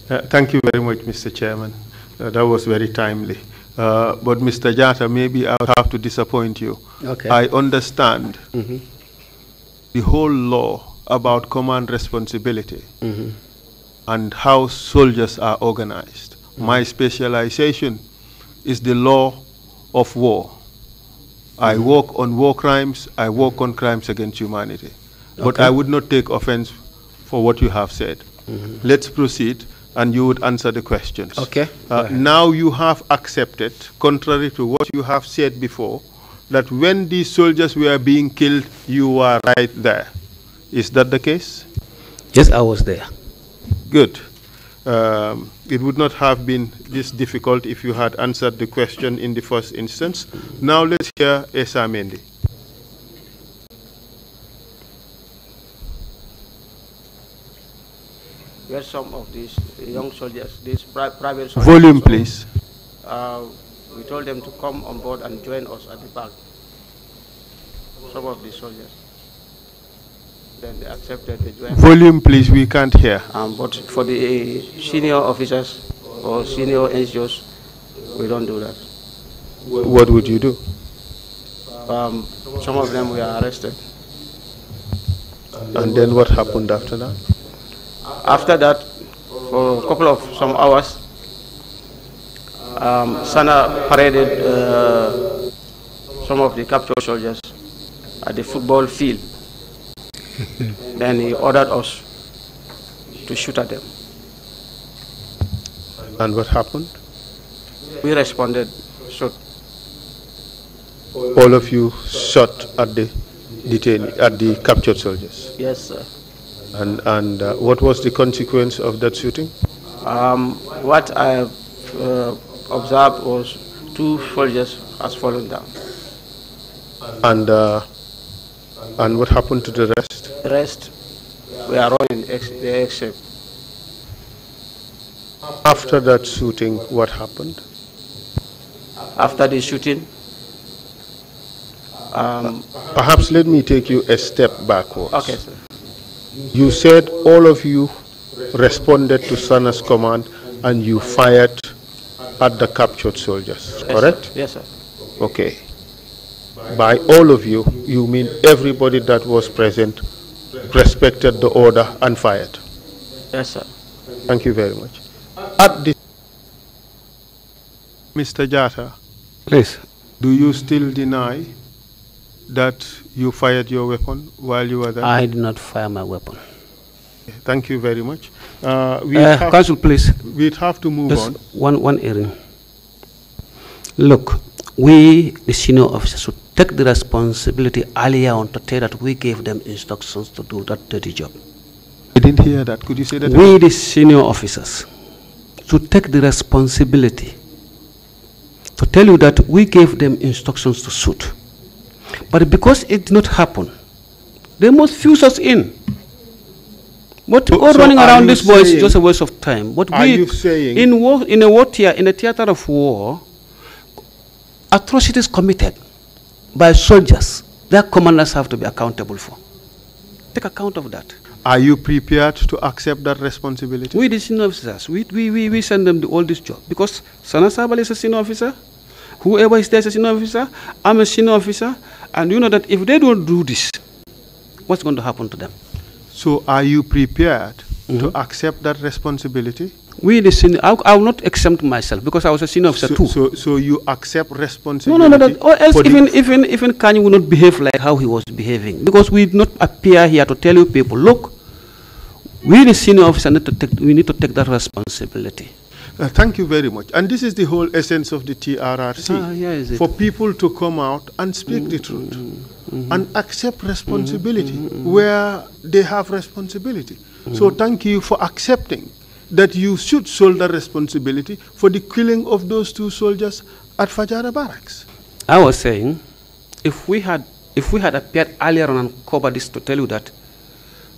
Uh, thank you very much, Mr. Chairman. Uh, that was very timely. Uh, but Mr. Jata, maybe I'll have to disappoint you. Okay. I understand mm -hmm the whole law about command responsibility mm -hmm. and how soldiers are organized. Mm-hmm. My specialization is the law of war. I mm-hmm. work on war crimes, I work on crimes against humanity. Okay. But I would not take offense for what you have said. Mm -hmm. Let's proceed and you would answer the questions. Okay. Uh, now you have accepted, contrary to what you have said before, that when these soldiers were being killed, you were right there. Is that the case? Yes, I was there. Good. Um, it would not have been this difficult if you had answered the question in the first instance. Now let's hear Esa Mendy. Where some of these young soldiers, these pri private soldiers. Volume, please. Uh, we told them to come on board and join us at the back, some of the soldiers. Then they accepted, they joined. Volume, please, we can't hear. Um, but for the senior officers or senior NGOs, we don't do that. What would you do? Um, some of them were arrested. And then what happened after that? After that, for a couple of some hours, um, Sana paraded uh, some of the captured soldiers at the football field. then he ordered us to shoot at them. And what happened? We responded, shot. All of you shot at the detained, at the captured soldiers? Yes, sir. And, and uh, what was the consequence of that shooting? Um, what I uh, observed was two soldiers has fallen down. And uh, and what happened to the rest? The rest were all ex the except. After that shooting, what happened? After the shooting, um, perhaps let me take you a step backwards. Okay, sir. You said all of you responded to Sana's command and you fired at the captured soldiers, yes, correct? Sir. Yes, sir. Okay. By all of you, you mean everybody that was present respected the order and fired? Yes, sir. Thank you very much. At this Mr. Jata, please. Do you still deny that you fired your weapon while you were there? I did not fire my weapon. Thank you very much. Uh, we uh, Council, please. We'd have to move Just on. One, one area. Look, we, the senior officers, should take the responsibility earlier on to tell that we gave them instructions to do that dirty job. I didn't hear that. Could you say that? We, the senior officers, should take the responsibility to tell you that we gave them instructions to shoot. But because it did not happen, they must fuse us in. But so, all so running around this boy is just a waste of time. But are we, you saying in war, in a war theater, in a theater of war, atrocities committed by soldiers, their commanders have to be accountable for. Take account of that. Are you prepared to accept that responsibility? We the senior officers, we, we, we, we send them the, all this job because Sana Sabal is a senior officer, whoever is there is a senior officer, I'm a senior officer, and you know that if they don't do this, what's going to happen to them? So are you prepared mm -hmm. to mm-hmm. accept that responsibility? We the senior, I, I, will not exempt myself because I was a senior officer so, too. So, so you accept responsibility? No, no, no. That, or else even, even, even Kanye will not behave like how he was behaving because we did not appear here to tell you people, look, we the senior officer need to take, we need to take that responsibility. Uh, thank you very much. And this is the whole essence of the TRRC. Ah, for people to come out and speak mm -hmm. the mm-hmm. truth mm -hmm. and accept mm-hmm. responsibility mm -hmm. where they have responsibility. So thank you for accepting that you should shoulder responsibility for the killing of those two soldiers at Fajara barracks. I was saying, if we had if we had appeared earlier on and covered this to tell you that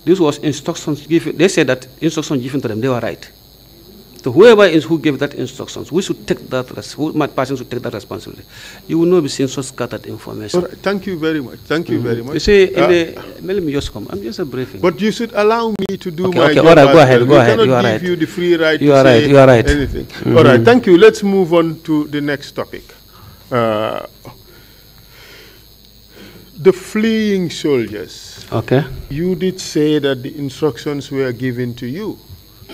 this was instructions given, they said that instructions given to them, they were right. So whoever is who gave that instructions, we should take that, who, my person should take that responsibility. You will not be seeing such scattered information. Right, thank you very much. Thank you mm -hmm. very much. You see, uh, the, let me just come. I'm just a briefing. But you should allow me to do okay, my okay, job. All right, go ahead, go we ahead. You are right. You the free right you are right, you are right. anything. Mm -hmm. All right, thank you. Let's move on to the next topic. Uh, the fleeing soldiers. Okay. You did say that the instructions were given to you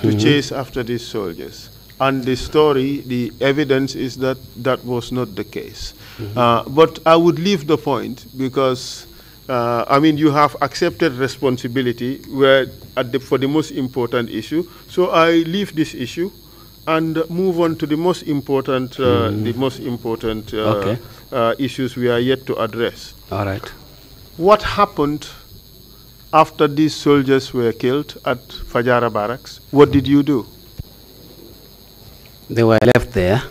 to mm -hmm. chase after these soldiers. And the story, the evidence is that that was not the case. Mm -hmm. uh, but I would leave the point because, uh, I mean, you have accepted responsibility where the, for the most important issue. So I leave this issue and move on to the most important, uh, mm. the most important uh, okay. Uh, issues we are yet to address. All right. What happened after these soldiers were killed at Fajara barracks, what did you do? They were left there.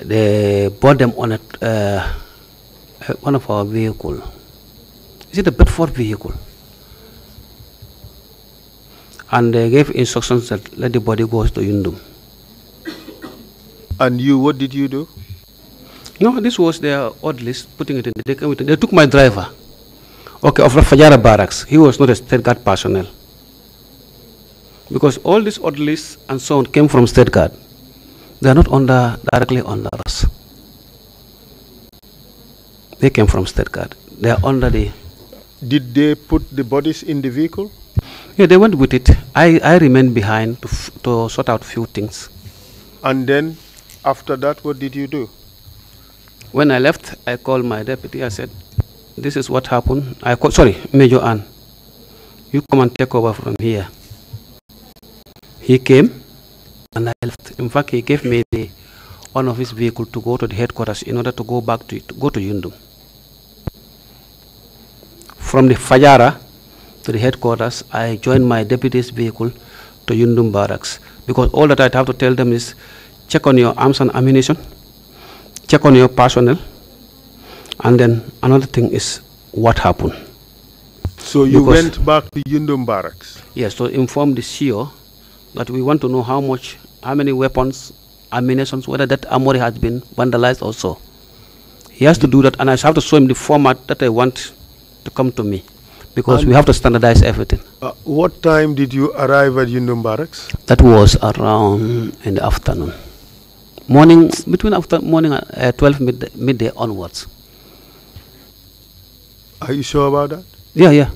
They brought them on a, uh, uh, one of our vehicle. Is it a Bedford vehicle? And they gave instructions that let the body go to Yundum. And you, what did you do? No, this was their odd list, putting it in. They, they took my driver okay, of Rafajara barracks. He was not a state guard personnel. Because all these orderlies and so on came from state guard. They are not under, directly under us. They came from state guard. They are under the... Did they put the bodies in the vehicle? Yeah, they went with it. I, I remained behind to, to sort out few things. And then after that, what did you do? When I left, I called my deputy. I said, this is what happened. I call, sorry, Major Ann, you come and take over from here. He came and I left. In fact, he gave me the, one of his vehicle to go to the headquarters in order to go back to, to go to Yundum. From the Fajara to the headquarters, I joined my deputy's vehicle to Yundum barracks because all that i have to tell them is check on your arms and ammunition, check on your personnel, and then another thing is what happened. So you because went back to Yindum barracks? Yes, to inform the CEO that we want to know how much, how many weapons, ammunition, whether that armory has been vandalized or so. He has to do that, and I have to show him the format that I want to come to me because and we have to standardize everything. Uh, what time did you arrive at Yindum barracks? That was around in the afternoon. Morning, between after morning, uh, 12 midday, midday onwards. Are you sure about that? Yeah, yeah.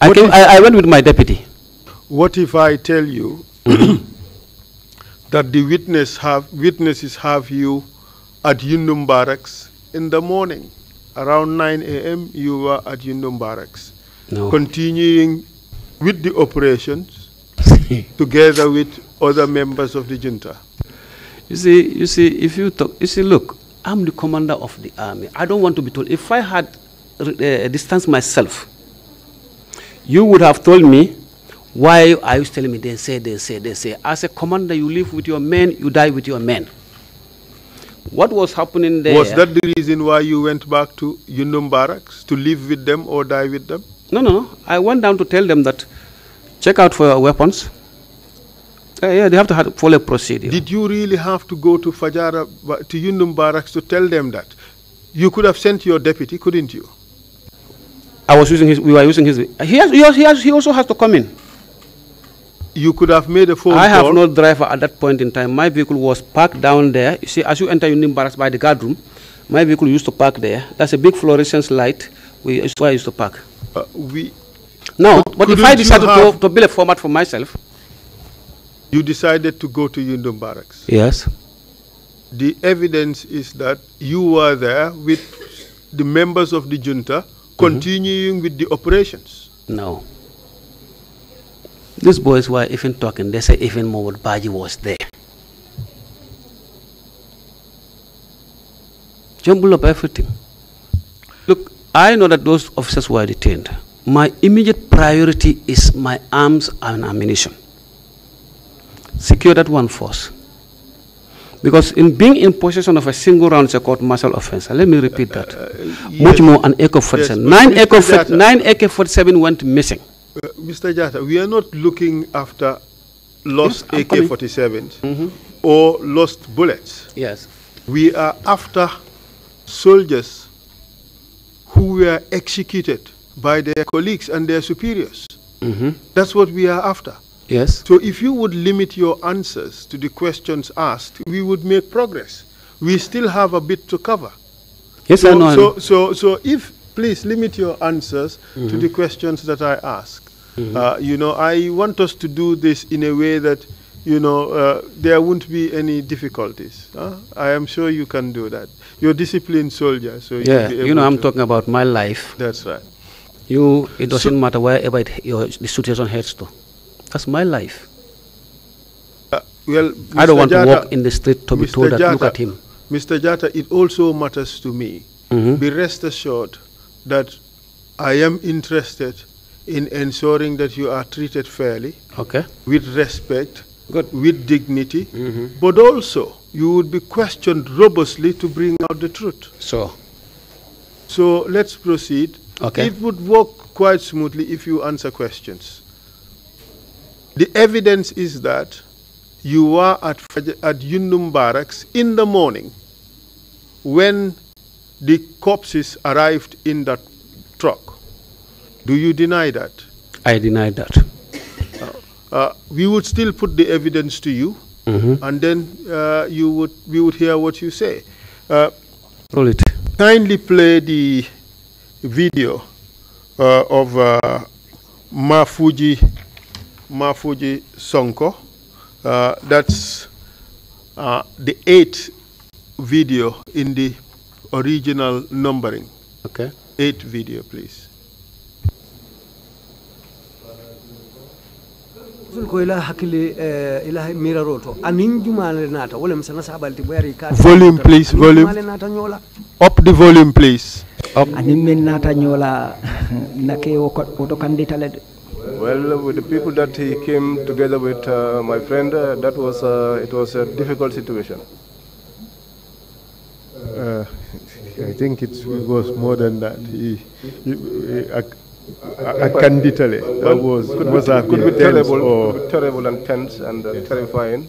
I, came, I, I, went with my deputy. What if I tell you that the witness have, witnesses have you at Yundum Barracks in the morning? Around 9 a.m., you were at Yundum Barracks, no. continuing with the operations together with other members of the junta. You see, you see, if you talk, you see, look, I'm the commander of the army. I don't want to be told. If I had uh, distanced myself, you would have told me why are you telling me they say, they say, they say. As a commander, you live with your men, you die with your men. What was happening there? Was that the reason why you went back to Yundum barracks to live with them or die with them? No, no, no. I went down to tell them that check out for your weapons. Uh, yeah, they have to have, follow procedure. Did you really have to go to Fajara, to Yundum Barracks to tell them that? You could have sent your deputy, couldn't you? I was using his, we were using his, he, has, he, has, he also has to come in. You could have made a phone I call. have no driver at that point in time. My vehicle was parked down there. You see, as you enter Yundum Barracks by the guard room, my vehicle used to park there. That's a big fluorescence light we, where I used to park. Uh, we, no, but if I decided to, to build a format for myself, you decided to go to Yundum Barracks. Yes. The evidence is that you were there with the members of the junta mm-hmm. continuing mm -hmm. with the operations. No. These boys were even talking. They say even Mohamed Baji was there. Jumble up everything. Look, I know that those officers were detained. My immediate priority is my arms and ammunition secure that one force, Because in being in possession of a single round it's a court martial offense. Let me repeat that. Uh, uh, yes. Much more an echo 47. Yes, nine, AK nine AK 47 went missing. Uh, Mr. Jata, we are not looking after lost yes, AK 47s mm -hmm. or lost bullets. Yes. We are after soldiers who were executed by their colleagues and their superiors. Mm -hmm. That's what we are after. Yes. So if you would limit your answers to the questions asked, we would make progress. We still have a bit to cover. Yes, so, I know. So, so, so if, please limit your answers mm -hmm. to mm-hmm. the questions that I ask. Mm -hmm. uh, you know, I want us to do this in a way that, you know, uh, there won't be any difficulties. Huh? I am sure you can do that. You're a disciplined soldier, so yeah. You, you know, I'm talking about my life. That's right. You, it doesn't so matter wherever it, your, the situation heads to. That's my life. Uh, well, Mr. I don't want Jata, to walk in the street to be Mr. told Jata, that look at him. Mr. Jata, it also matters to me. Mm -hmm. Be rest assured that I am interested in ensuring that you are treated fairly, okay, with respect, Good. with dignity, mm -hmm. but also you would be questioned robustly to bring out the truth. So, so let's proceed. Okay, it would work quite smoothly if you answer questions. The evidence is that you were at, at Yundum Barracks in the morning when the corpses arrived in that truck. Do you deny that? I deny that. Uh, uh, we would still put the evidence to you, mm -hmm. and then uh, you would we would hear what you say. Roll uh, it. Kindly play the video uh, of uh, Mafuji Mafuji Sonko. Uh, that's uh, the eighth video in the original numbering. Okay. Eight video, please. Eh, volume, please. Volume. Up the volume, please. Up. Well, with the people that he came together with, uh, my friend, uh, that was uh, it was a difficult situation. Uh, I think it was more than that. He, he, he a, a, a candidate that was could, was a, could be terrible, or, could be terrible and tense and uh, yes. terrifying.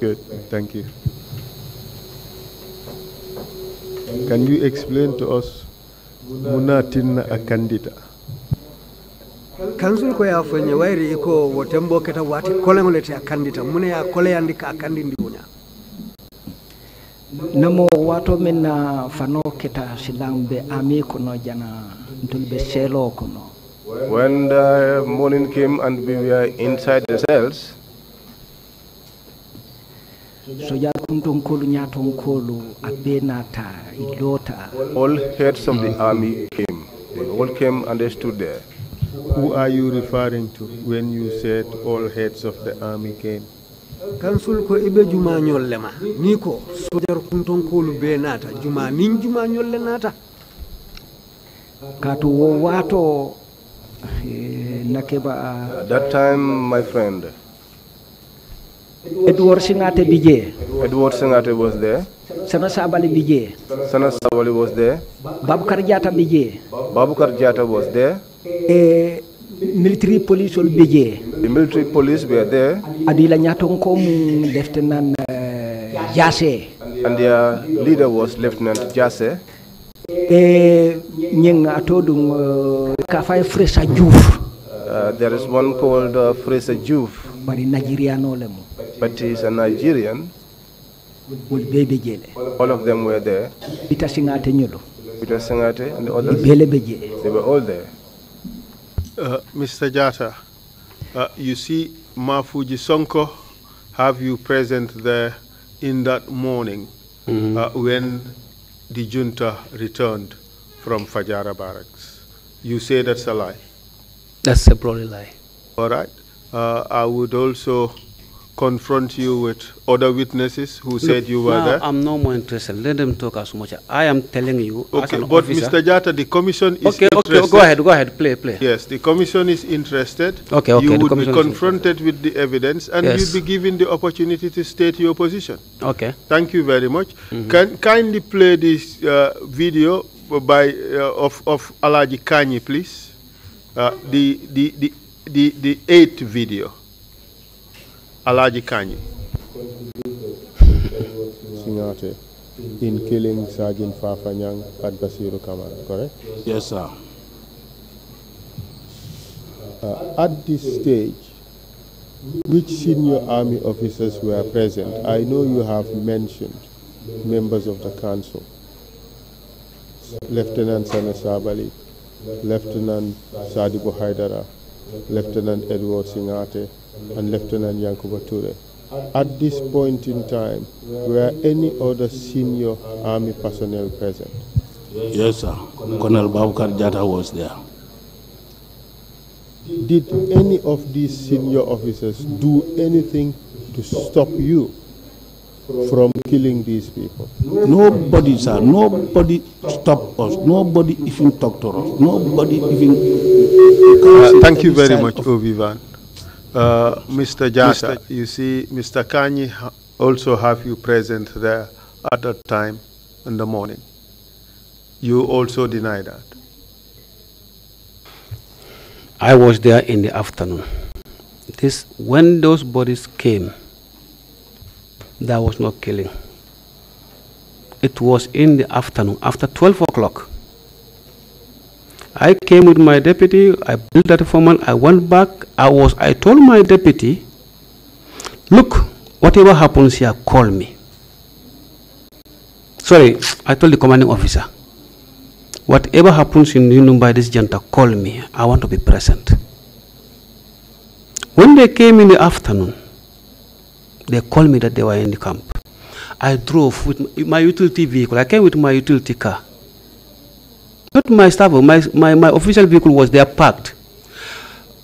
Good, thank you. Can you explain to us Munatin a candidate? kansul ko ya fo wayri ko wo tembo keta wati koleŋole te a kandita mune ya koleyandi ka a kandindi wuña namo wato min na fano keta silan be ami kono jana ntol be selo kono when the morning came and we were inside the cells soja kuntonkolu ñatonkolu a benata i loota all heads of the army came they all came and they stood there Who are you referring to when you said all heads of the army came? kansul ko ibe juma ñolle ma ni ko sojar kuntonkolu be naata juma nin juma ñolle naata kato wo wato nakeba eh, a ah. that time my friend edward singate bije edward singate was there sana sabali bije sana sabali was there babukar jata bije babukar jata was there e military police wol be je the military police were there adi la nyaton ko mu lieutenant eh, jase and their leader was lieutenant jase e nyeng todum eh, ka fay fresa diouf uh, there is one called uh, fresa Juve. But in Nigerian mu But he is a Nigerian. be be jele. All of them were there. Peter Singate Nyolo. and the others. They were all there. Uh, Mr. Jata, uh, you see Mafuji Sonko have you present there in that morning mm -hmm. uh, when the junta returned from Fajara barracks. You say that's a lie. That's a probably lie. All right. Uh, I would also confront you with other witnesses who said no, you were no, there? I'm no more interested. Let them talk as much. I am telling you. Okay, but officer, Mr. Jata, the commission is okay, interested. Okay, go ahead, go ahead, play, play. Yes, the commission is interested. Okay, okay. You would be confronted with the evidence and yes. you'd be given the opportunity to state your position. Okay. Thank you very much. Mm -hmm. Can kindly play this uh, video by uh, of of Alaji Kanye, please. Uh, the the the the the eighth video. Alaji Kanyi Singate in killing Sergeant Fafanyang at Basiru Kamara, correct? Yes, sir. Uh, at this stage, which senior army officers were present? I know you have mentioned members of the council. Lieutenant Sana Sabali, Lieutenant Sadibu Haidara, Lieutenant Edward Singate, and Lieutenant Yankuba Ture. At this point in time, were any other senior army personnel present? Yes, sir. Colonel Babukar Jata was there. Did any of these senior officers do anything to stop you from killing these people? Nobody, sir. Nobody stopped us. Nobody even talked to us. Nobody even. Uh, thank you very much, Ovivan. Uh, Mr. Jata, Mr. you see, Mr. Kanye also have you present there at that time in the morning. You also deny that. I was there in the afternoon. This when those bodies came, there was no killing. It was in the afternoon after twelve o'clock I came with my deputy, I built that foreman, I went back, I was, I told my deputy, look, whatever happens here, call me. Sorry, I told the commanding officer, whatever happens in Union by this junta, call me. I want to be present. When they came in the afternoon, they called me that they were in the camp. I drove with my utility vehicle. I came with my utility car. Not my staff, oh, my, my, my official vehicle was there parked.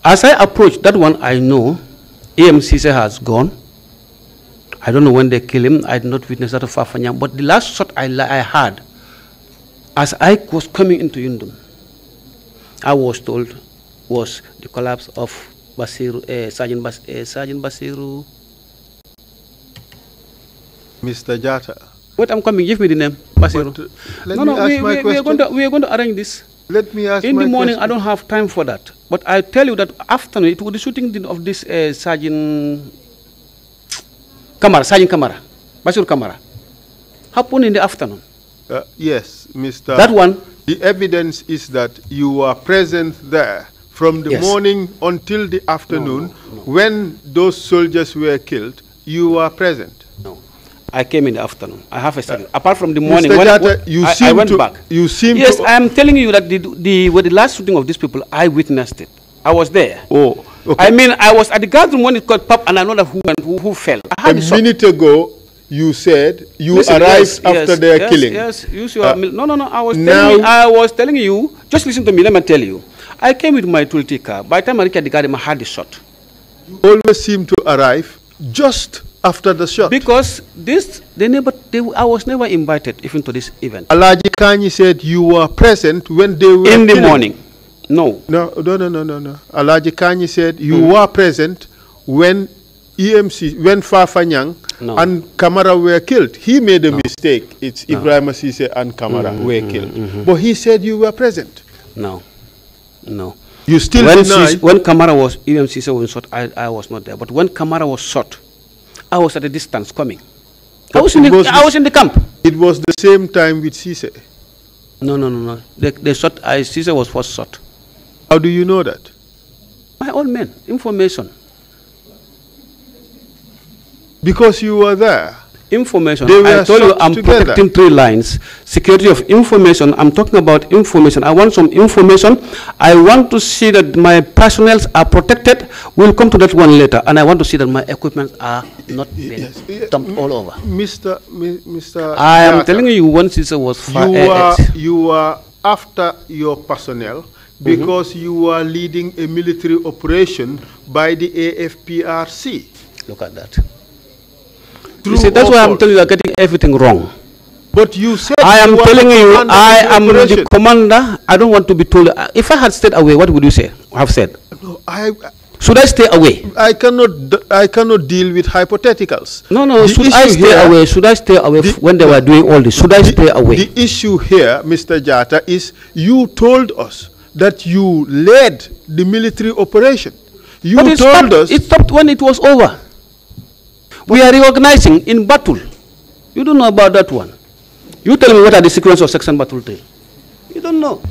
As I approached that one, I know AMCC has gone. I don't know when they kill him. I did not witness that of Fafanya. But the last shot I, I had, as I was coming into Yundum, I was told was the collapse of Basiru, uh, Sergeant, Bas, uh, Sergeant Basiru. Mr. Jata what I'm coming, give me the name, Basiru. But, uh, no, no, we, we, we, are going to, we are going to arrange this. Let me ask In the morning, question. I don't have time for that. But I tell you that afternoon, it will be shooting of this uh, Sergeant Kamara, Sergeant Kamara, Basiru Kamara. Happen in the afternoon. Uh, yes, Mr. That one. The evidence is that you were present there from the yes. morning until the afternoon no, no, no. when those soldiers were killed. You were present. No. I came in the afternoon. I have a second. Uh, Apart from the morning, Mr. when Jata, I, uh, you I, seem I went to, back. You seem yes, I am telling you that the, the, with the last shooting of these people, I witnessed it. I was there. Oh, okay. I mean, I was at the garden when it got pop, and I know that who and who, who fell. a minute ago, you said you listen, arrived yes, after yes, their yes, killing. Yes, yes. uh, no, no, no. I was, telling you, I was telling you, just listen to me, let me tell you. I came with my toolkit car. By the time I reached the garden, I had the shot. You always seem to arrive just after the shot. Because this, they never, they, I was never invited even to this event. Alaji Kanyi said you were present when they were in the morning. No. No, no, no, no, no, no. Alaji Kanyi said you mm. were present when EMC, when Fafanyang no. and Kamara were killed. He made a no. mistake. It's no. Ibrahim Asise and Kamara mm -hmm, were killed. Mm -hmm. But he said you were present. No. No. You still when deny... When Kamara was, EMC was shot, I, I was not there. But when Kamara was shot, I was at a distance coming. I was, in the, was I was in the camp. It was the same time with Cisse. No, no, no, no. They, the shot, I, Cisse was first shot. How do you know that? My old men, information. Because you were there? information. I told you I'm together. protecting three lines. Security of information, I'm talking about information. I want some information. I want to see that my personnel are protected. We'll come to that one later. And I want to see that my equipment are not yes. dumped yes. all over. Mr. Mr. I am telling you one sister was fired. You were, you were after your personnel mm-hmm. because mm -hmm. you were leading a military operation by the AFPRC. Look at that. True you see, that's why false. I'm telling you, you're getting everything wrong. But you said I am telling you, I am the commander. I don't want to be told. If I had stayed away, what would you say? Have said? No, I. Should I stay away? I cannot. I cannot deal with hypotheticals. No, no. The should I stay away? Should I stay away the, when they were doing all this? Should the, I stay away? The issue here, Mr. Jata, is you told us that you led the military operation. You told not, us it stopped when it was over. We are reorganizing in battle. You don't know about that one. You tell me what are the sequence of section battle Tell. You don't know.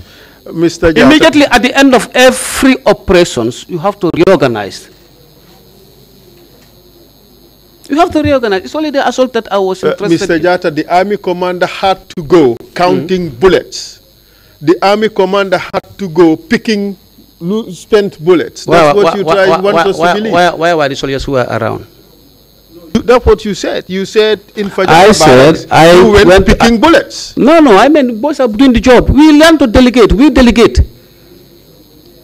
Mr. Immediately at the end of every operations, you have to reorganize. You have to reorganize. It's only the assault that I was uh, Mr. Jata, in. the army commander had to go counting mm -hmm. bullets. The army commander had to go picking spent bullets. That's why, what why, you why, try, want us to believe. Why, why were the soldiers who were around? That's what you said. You said infantry. I said I you went, went picking I, bullets. No, no. I mean, boys are doing the job. We learn to delegate. We delegate.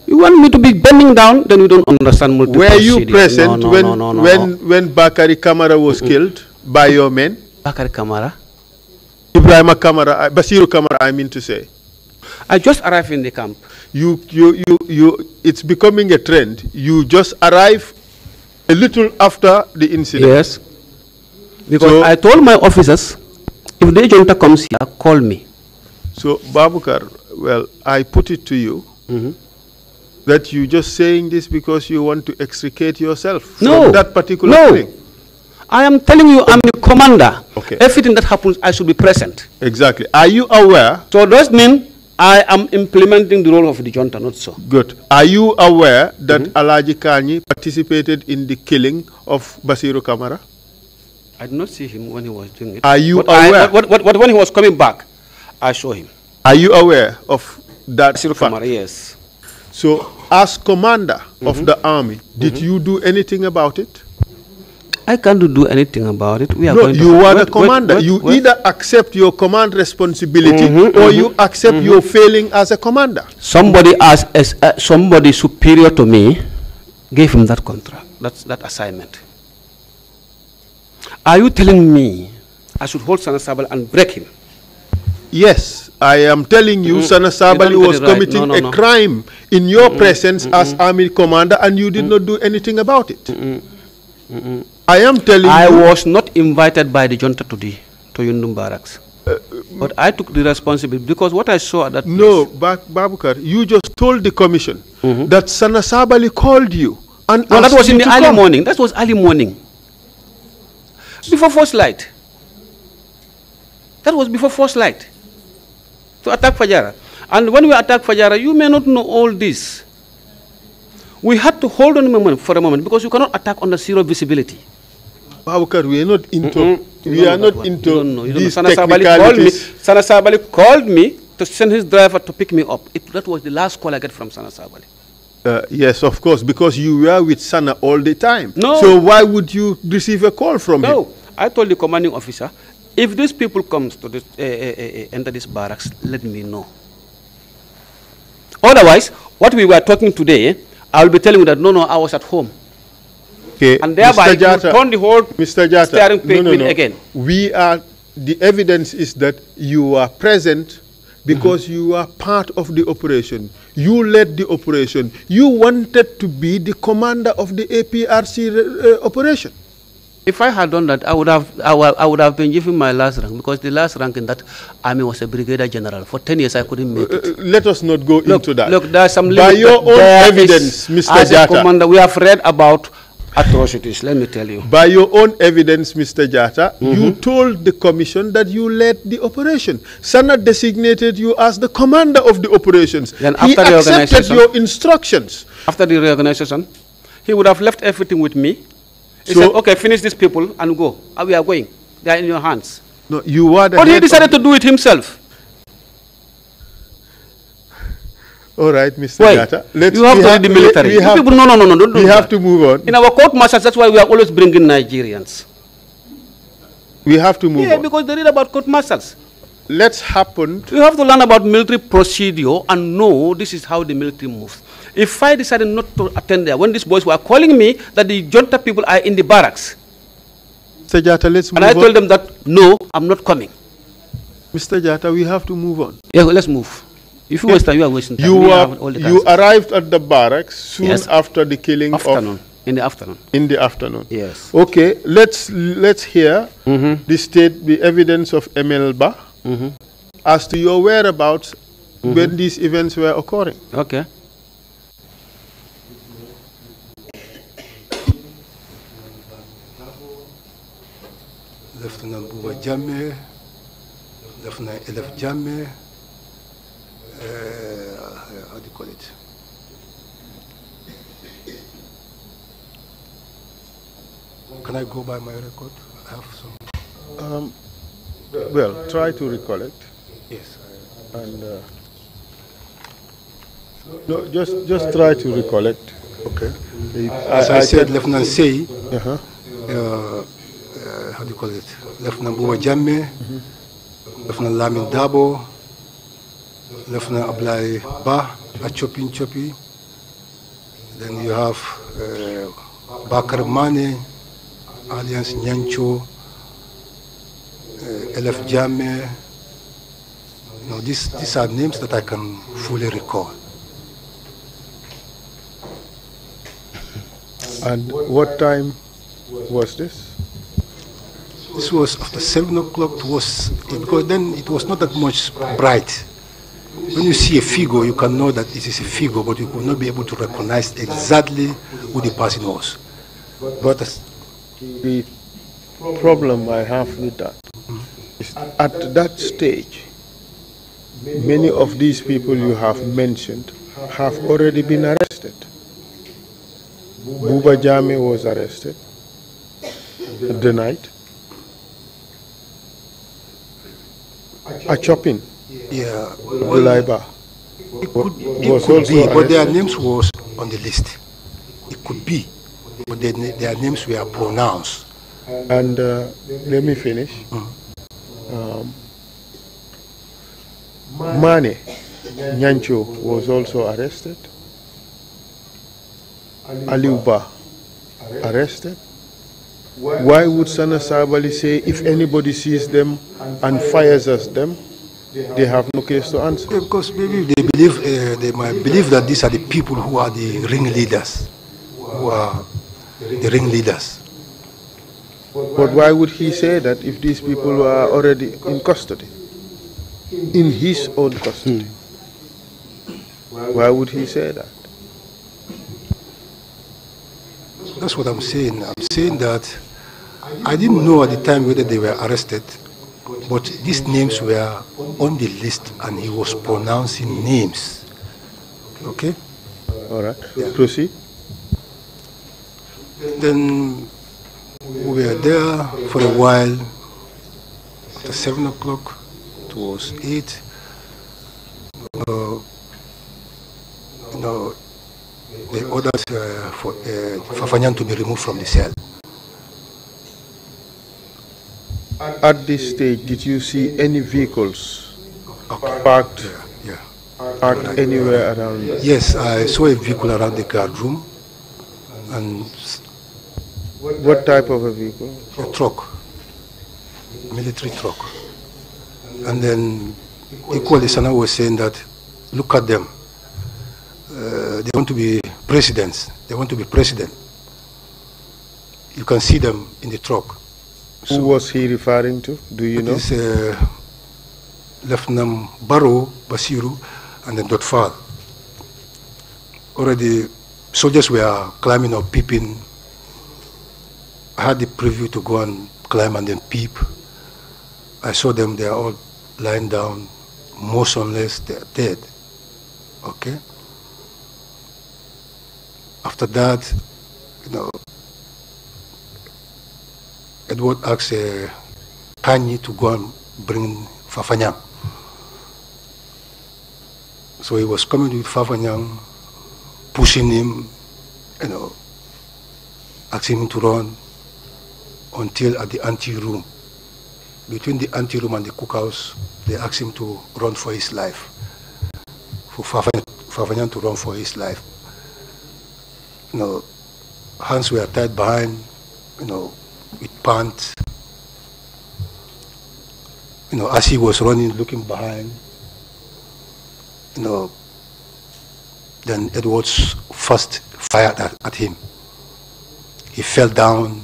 You want me to be bending down? Then you don't understand multiple. Were you CD. present no, no, when no, when when Bakari Kamara was mm -hmm. killed by your men? Bakari Kamara. Ibrahima Kamara, uh, Basiru Kamara, I mean to say. I just arrived in the camp. You, you, you, you, it's becoming a trend. You just arrive a little after the incident. Yes. Because so, I told my officers, if the junta comes here, call me. So, Babukar, well, I put it to you mm -hmm. that you're just saying this because you want to extricate yourself no, from that particular no. thing. I am telling you, I'm the commander. Okay. Everything that happens, I should be present. Exactly. Are you aware? So, does mean I am implementing the role of the junta, not so. Good. Are you aware that mm -hmm. Alaji Kani participated in the killing of Basiru Kamara? I did not see him when he was doing it. Are you but aware? I, what, what, what, when he was coming back, I saw him. Are you aware of that Basiru fact? Kamara, yes. So, as commander mm -hmm. of mm-hmm. the army, did mm -hmm. you do anything about it? I can't do anything about it. We are no, going you are the commander. Wait, wait, wait, you either accept your command responsibility mm -hmm, or mm -hmm, you accept mm -hmm. your failing as a commander. Somebody as, as uh, somebody superior to me gave him that contract, that, that assignment. Are you telling me I should hold Sana Sabal and break him? Yes, I am telling you, mm, Sana Sabali was right. committing no, no, no. a crime in your mm, presence mm, as army commander, and you did not do anything about it. I am telling I you, was not invited by the junta today to Yundum Barracks. Uh, uh, but I took the responsibility because what I saw at that No, ba Babukar, you just told the commission mm -hmm. that Sana Sabali called you. And that was in the early come. morning. That was early morning. Before first light. That was before first light. To attack Fajara. And when we attack Fajara, you may not know all this. We had to hold on for a moment because you cannot attack under zero visibility we are not into, mm we are not into you do know. You these Sana Sabali called me. Sana Sabali called me to send his driver to pick me up. It, that was the last call I got from Sana Sabali. Uh, yes, of course, because you were with Sana all the time. No. So why would you receive a call from no. him? No, I told the commanding officer, if these people comes to this, uh, uh, enter this barracks, let me know. Otherwise, what we were talking today, I will be telling you that no, no, I was at home. Okay. And thereby Mr. Jata, you turn the whole Mr. Jata, steering no, no, no. again. We are, the evidence is that you are present because mm -hmm. you are part of the operation. You led the operation. You wanted to be the commander of the APRC uh, operation. If I had done that, I would have I would, have been given my last rank because the last rank in that army was a brigadier general. For ten years, I couldn't make uh, it. Uh, let us not go look, into that. Look, there are some by your own evidence, is, Mr. As Jata. commander, we have read about atrocities, let me tell you. By your own evidence, Mr. Jata, mm -hmm. you mm-hmm. told the commission that you led the operation. Sana designated you as the commander of the operations. Then he after he the accepted your instructions. After the reorganization, he would have left everything with me. He so, said, okay, finish these people and go. Ah, we are going. They are in your hands. No, you were But he decided to do it himself. All right, Mr. Why? Gata. Let's, you have to read the military. We, we have, people, no, no, no, no, don't do We that. have to move on. In our court martials, that's why we are always bringing Nigerians. We have to move yeah, on. Yeah, because they read about court martials. Let's happen. You have to learn about military procedure and know this is how the military moves. If I decided not to attend there, when these boys were calling me that the junta people are in the barracks, Mr. Jata, let's and I told them that no, I'm not coming. Mr. Jata, we have to move on. Yeah, well, let's move. If you were. you are wasting You, were, you arrived at the barracks soon yes. after the killing afternoon. of... In the afternoon. In the afternoon. Yes. Okay, let's let's hear mm -hmm. the state the evidence of Emelba mm -hmm. as to your whereabouts mm -hmm. when these events were occurring. Okay. jàmme jàmme Eh, eh, how do you call it? Can I go by my record? I have some. Um, well, try to recollect. Yes. And uh, no, just just try to recollect. Okay. As I, I, said, Lieutenant say. Uh-huh. uh -huh. uh, how do you call it? Lieutenant Buba Jamme, mm -hmm. Lieutenant Lamin Dabo, def na Ba Achopin Chopi. Then you have uh, Bakar Mane, alias Nyancho, uh, Elef Jame. You know, these, these are names that I can fully recall. And what time was this? This was after 7 o'clock, was, because then it was not that much bright. When you see a figure, you can know that it is a figure, but you will not be able to recognize exactly who the person was. But the problem I have with that is at that stage, many of these people you have mentioned have already been arrested. Buba Jami was arrested the night. A chopping yeah. Mulaiba. Uh, it could, it was could be, but their names was on the list. It could be, but they, their names were pronounced. And uh, let me finish. Mm. Um, Mane Nyancho was also arrested. Aliuba arrested. Why would Sana Sabali say if anybody sees them and fires at them, they have no case to answer. because maybe they believe uh, they might believe that these are the people who are the ringleaders, who are the ringleaders. But why would he say that if these people were already in custody, in his own custody? Hmm. Why would he say that? That's what I'm saying. I'm saying that I didn't know at the time whether they were arrested but these names were on the list and he was pronouncing names. Okay? All right. Yeah. Proceed. Then we were there for a while. After 7 o'clock, it was 8. Uh, you know, the orders uh, for uh, Fafanyan to be removed from the cell. At this stage, did you see any vehicles parked, yeah, yeah. anywhere around? Yes, I saw a vehicle around the guard room. And what type of a vehicle? A truck, military truck. And then equally, Sana was saying that, look at them. Uh, they want to be presidents. They want to be president. You can see them in the truck. So Who was he referring to? Do you know? Is uh, Lieutenant Basiru and then Dotfal. Already soldiers were climbing or peeping. I had the preview to go and climb and then peep. I saw them, they are all lying down, motionless, they are dead. Okay? After that, you know, Edward asked uh, Tanyi to go and bring Fafanyang. So he was coming with Fafanyang, pushing him, you know, asking him to run until at the ante room. Between the ante room and the cookhouse, they asked him to run for his life, for Fafanyang to run for his life. You know, hands were tied behind, you know, with pants. You know, as he was running, looking behind, you know, then Edwards first fired at, at him. He fell down.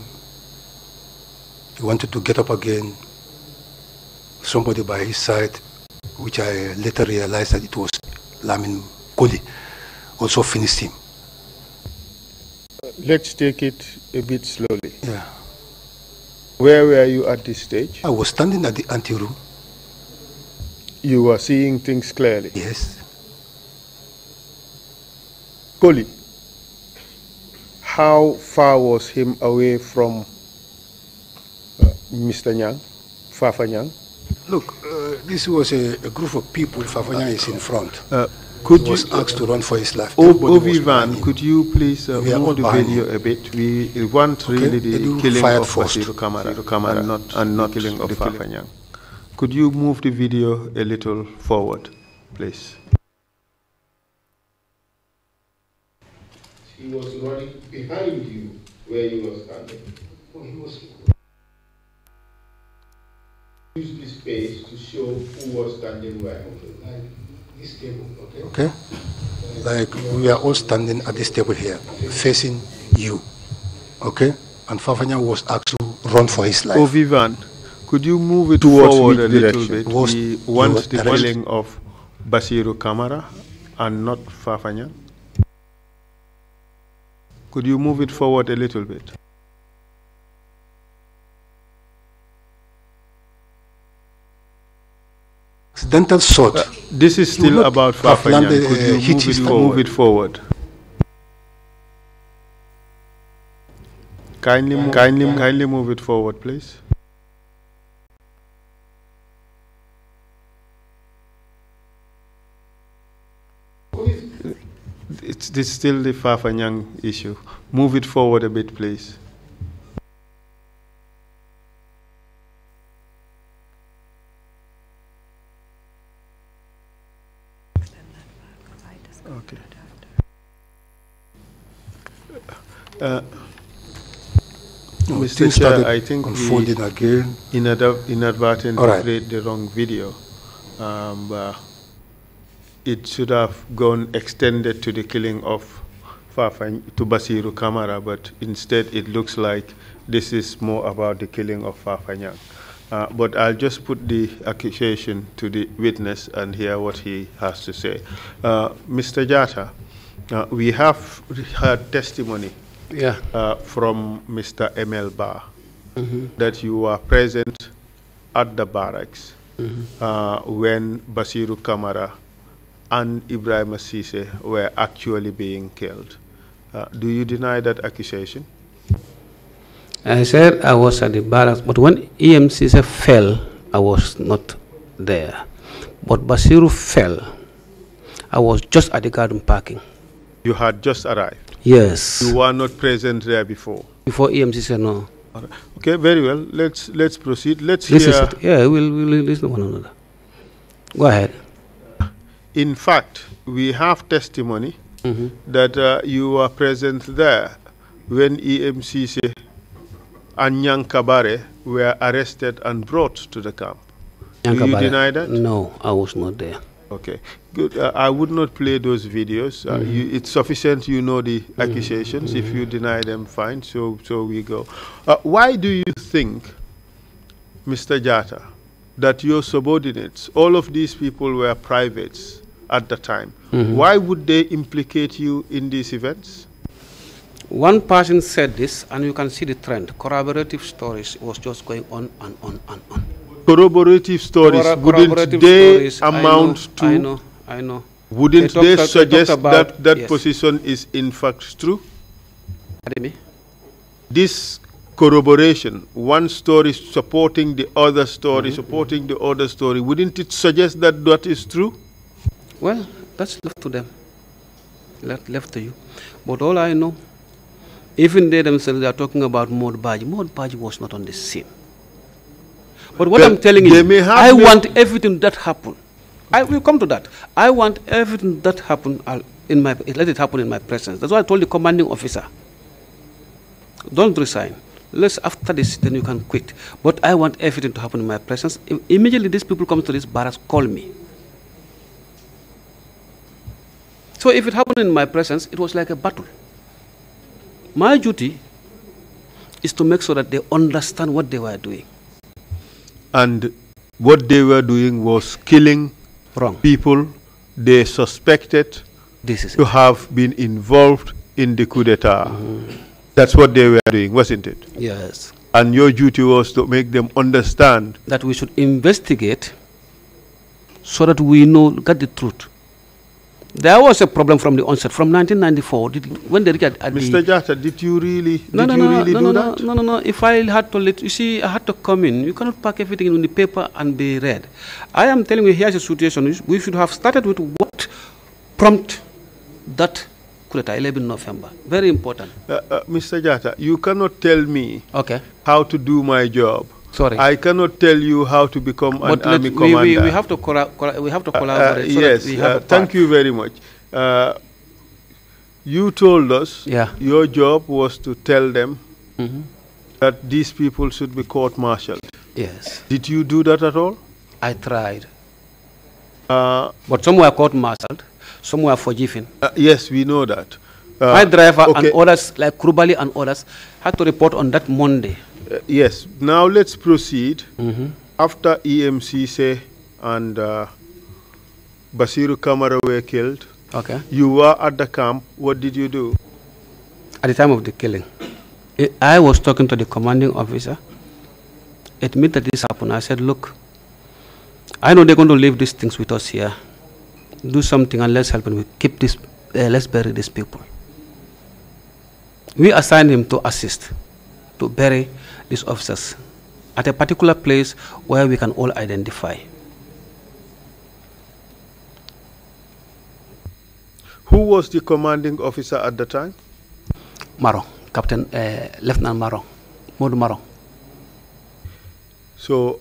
He wanted to get up again. Somebody by his side, which I later realized that it was Lamin Kuli, also finished him. Let's take it a bit slowly. Yeah. Where were you at this stage? I was standing at the ante room. You were seeing things clearly? Yes. Koli, how far was him away from uh, Mr. Nyang, Fafa Nyang? Look, uh, this was a, a, group of people. Fafa Nyang is in front. Uh, could was you, asked to run for his life. Ovivan, could you please uh, move the video him. a bit? We want okay. really the killing of Wasiru Kamara, Kamara and not, and not killing of Fafanyang. Could you move the video a little forward, please? He was running behind you where you were standing. Oh, he was use this space to show who was standing where okay? Like we are all standing at this table here, facing you, okay? And Fafanya was asked to run for his life. Oh, Vivan, could you move it towards forward a little bit? Was we want the killing of Basiru Kamara and not Fafanya. Could you move it forward a little bit? accidental sort. Uh, this is still about Fafanyan. Could you uh, move, it move, it forward? Kindly, yeah. kindly, yeah. kindly move it forward, please. It's, it's still the Fafanyang issue. Move it forward a bit, please. Uh, no, Mr. Chair, I think unfolding again. inadvertently right. played the wrong video. Um, uh, it should have gone extended to the killing of Fafan to Basiru Kamara, but instead it looks like this is more about the killing of Fafanyang. Uh, but I'll just put the accusation to the witness and hear what he has to say. Uh, Mr. Jata, uh, we have heard testimony yeah. Uh, from Mr. Emil Bar mm -hmm. that you were present at the barracks mm -hmm. uh, when Basiru Kamara and Ibrahim Sise were actually being killed. Uh, do you deny that accusation? I said I was at the barracks, but when EMCC fell, I was not there. But Basiru fell. I was just at the garden parking. You had just arrived. Yes. You were not present there before. Before EMC said no. Okay, very well. Let's let's proceed. Let's this hear. Yeah, we'll, we'll listen one another. Go ahead. In fact, we have testimony mm -hmm. that uh, you were present there when EMCC and Nyankabare were arrested and brought to the camp. Nyankabare. Do you deny that? No, I was not there. Okay, good. Uh, I would not play those videos. Uh, mm -hmm. you, it's sufficient you know the mm-hmm. accusations. Mm -hmm. If you mm-hmm. deny them, fine. So, so we go. Uh, why do you think, Mr. Jata, that your subordinates, all of these people were privates at the time? Mm -hmm. Why would they implicate you in these events? One person said this, and you can see the trend. Corroborative stories was just going on and on and on corroborative stories corroborative wouldn't they stories, amount I know, to I know, I know. wouldn't they, they suggest they that that yes. position is in fact true this corroboration one story supporting the other story mm -hmm. supporting the other story wouldn't it suggest that that is true well that's left to them left, left to you but all i know even they themselves they are talking about Maud Baji. Maud Baji was not on the scene but what but I'm telling you, I want everything that happen. I will come to that. I want everything that happen uh, in my let it happen in my presence. That's why I told the commanding officer, don't resign. Let's after this, then you can quit. But I want everything to happen in my presence. I immediately, these people come to this barracks, call me. So if it happened in my presence, it was like a battle. My duty is to make sure that they understand what they were doing and what they were doing was killing Wrong. people they suspected this is to it. have been involved in the coup d'etat. Mm. That's what they were doing, wasn't it? Yes. And your duty was to make them understand that we should investigate so that we know, get the truth. There was a problem from the onset, from 1994, did, when they reached at Mr. Jata, did you really, no, did no, you no, really no, do no, that? No, no, no, if I had to let, you see, I had to come in. You cannot pack everything in the paper and be read. I am telling you, here's a situation. We should have started with what prompt that coup d'etat, 11 November. Very important. Uh, uh, Mr. Jata, you cannot tell me okay. how to do my job. Sorry. I cannot tell you how to become but an army we, commander. We, we, have to we have to collaborate. So yes. Uh, thank you very much. Uh, you told us yeah. your job was to tell them mm -hmm. that these people should be court-martialed. Yes. Did you do that at all? I tried. Uh, but some were court-martialed, some were forgiven. Uh, yes, we know that. Uh, My driver okay. and others, like Krubali and others, had to report on that Monday. Uh, yes. Now let's proceed. Mm -hmm. After EMCC and uh, Basiru Kamara were killed, okay. you were at the camp. What did you do? At the time of the killing, I was talking to the commanding officer. Admit that this happened. I said, look, I know they're going to leave these things with us here. Do something and let's help them. We keep this. Uh, let's bury these people. We assigned him to assist, to bury these officers at a particular place where we can all identify. Who was the commanding officer at the time? Maron, Captain uh, Lieutenant Maron, Modu Maron. So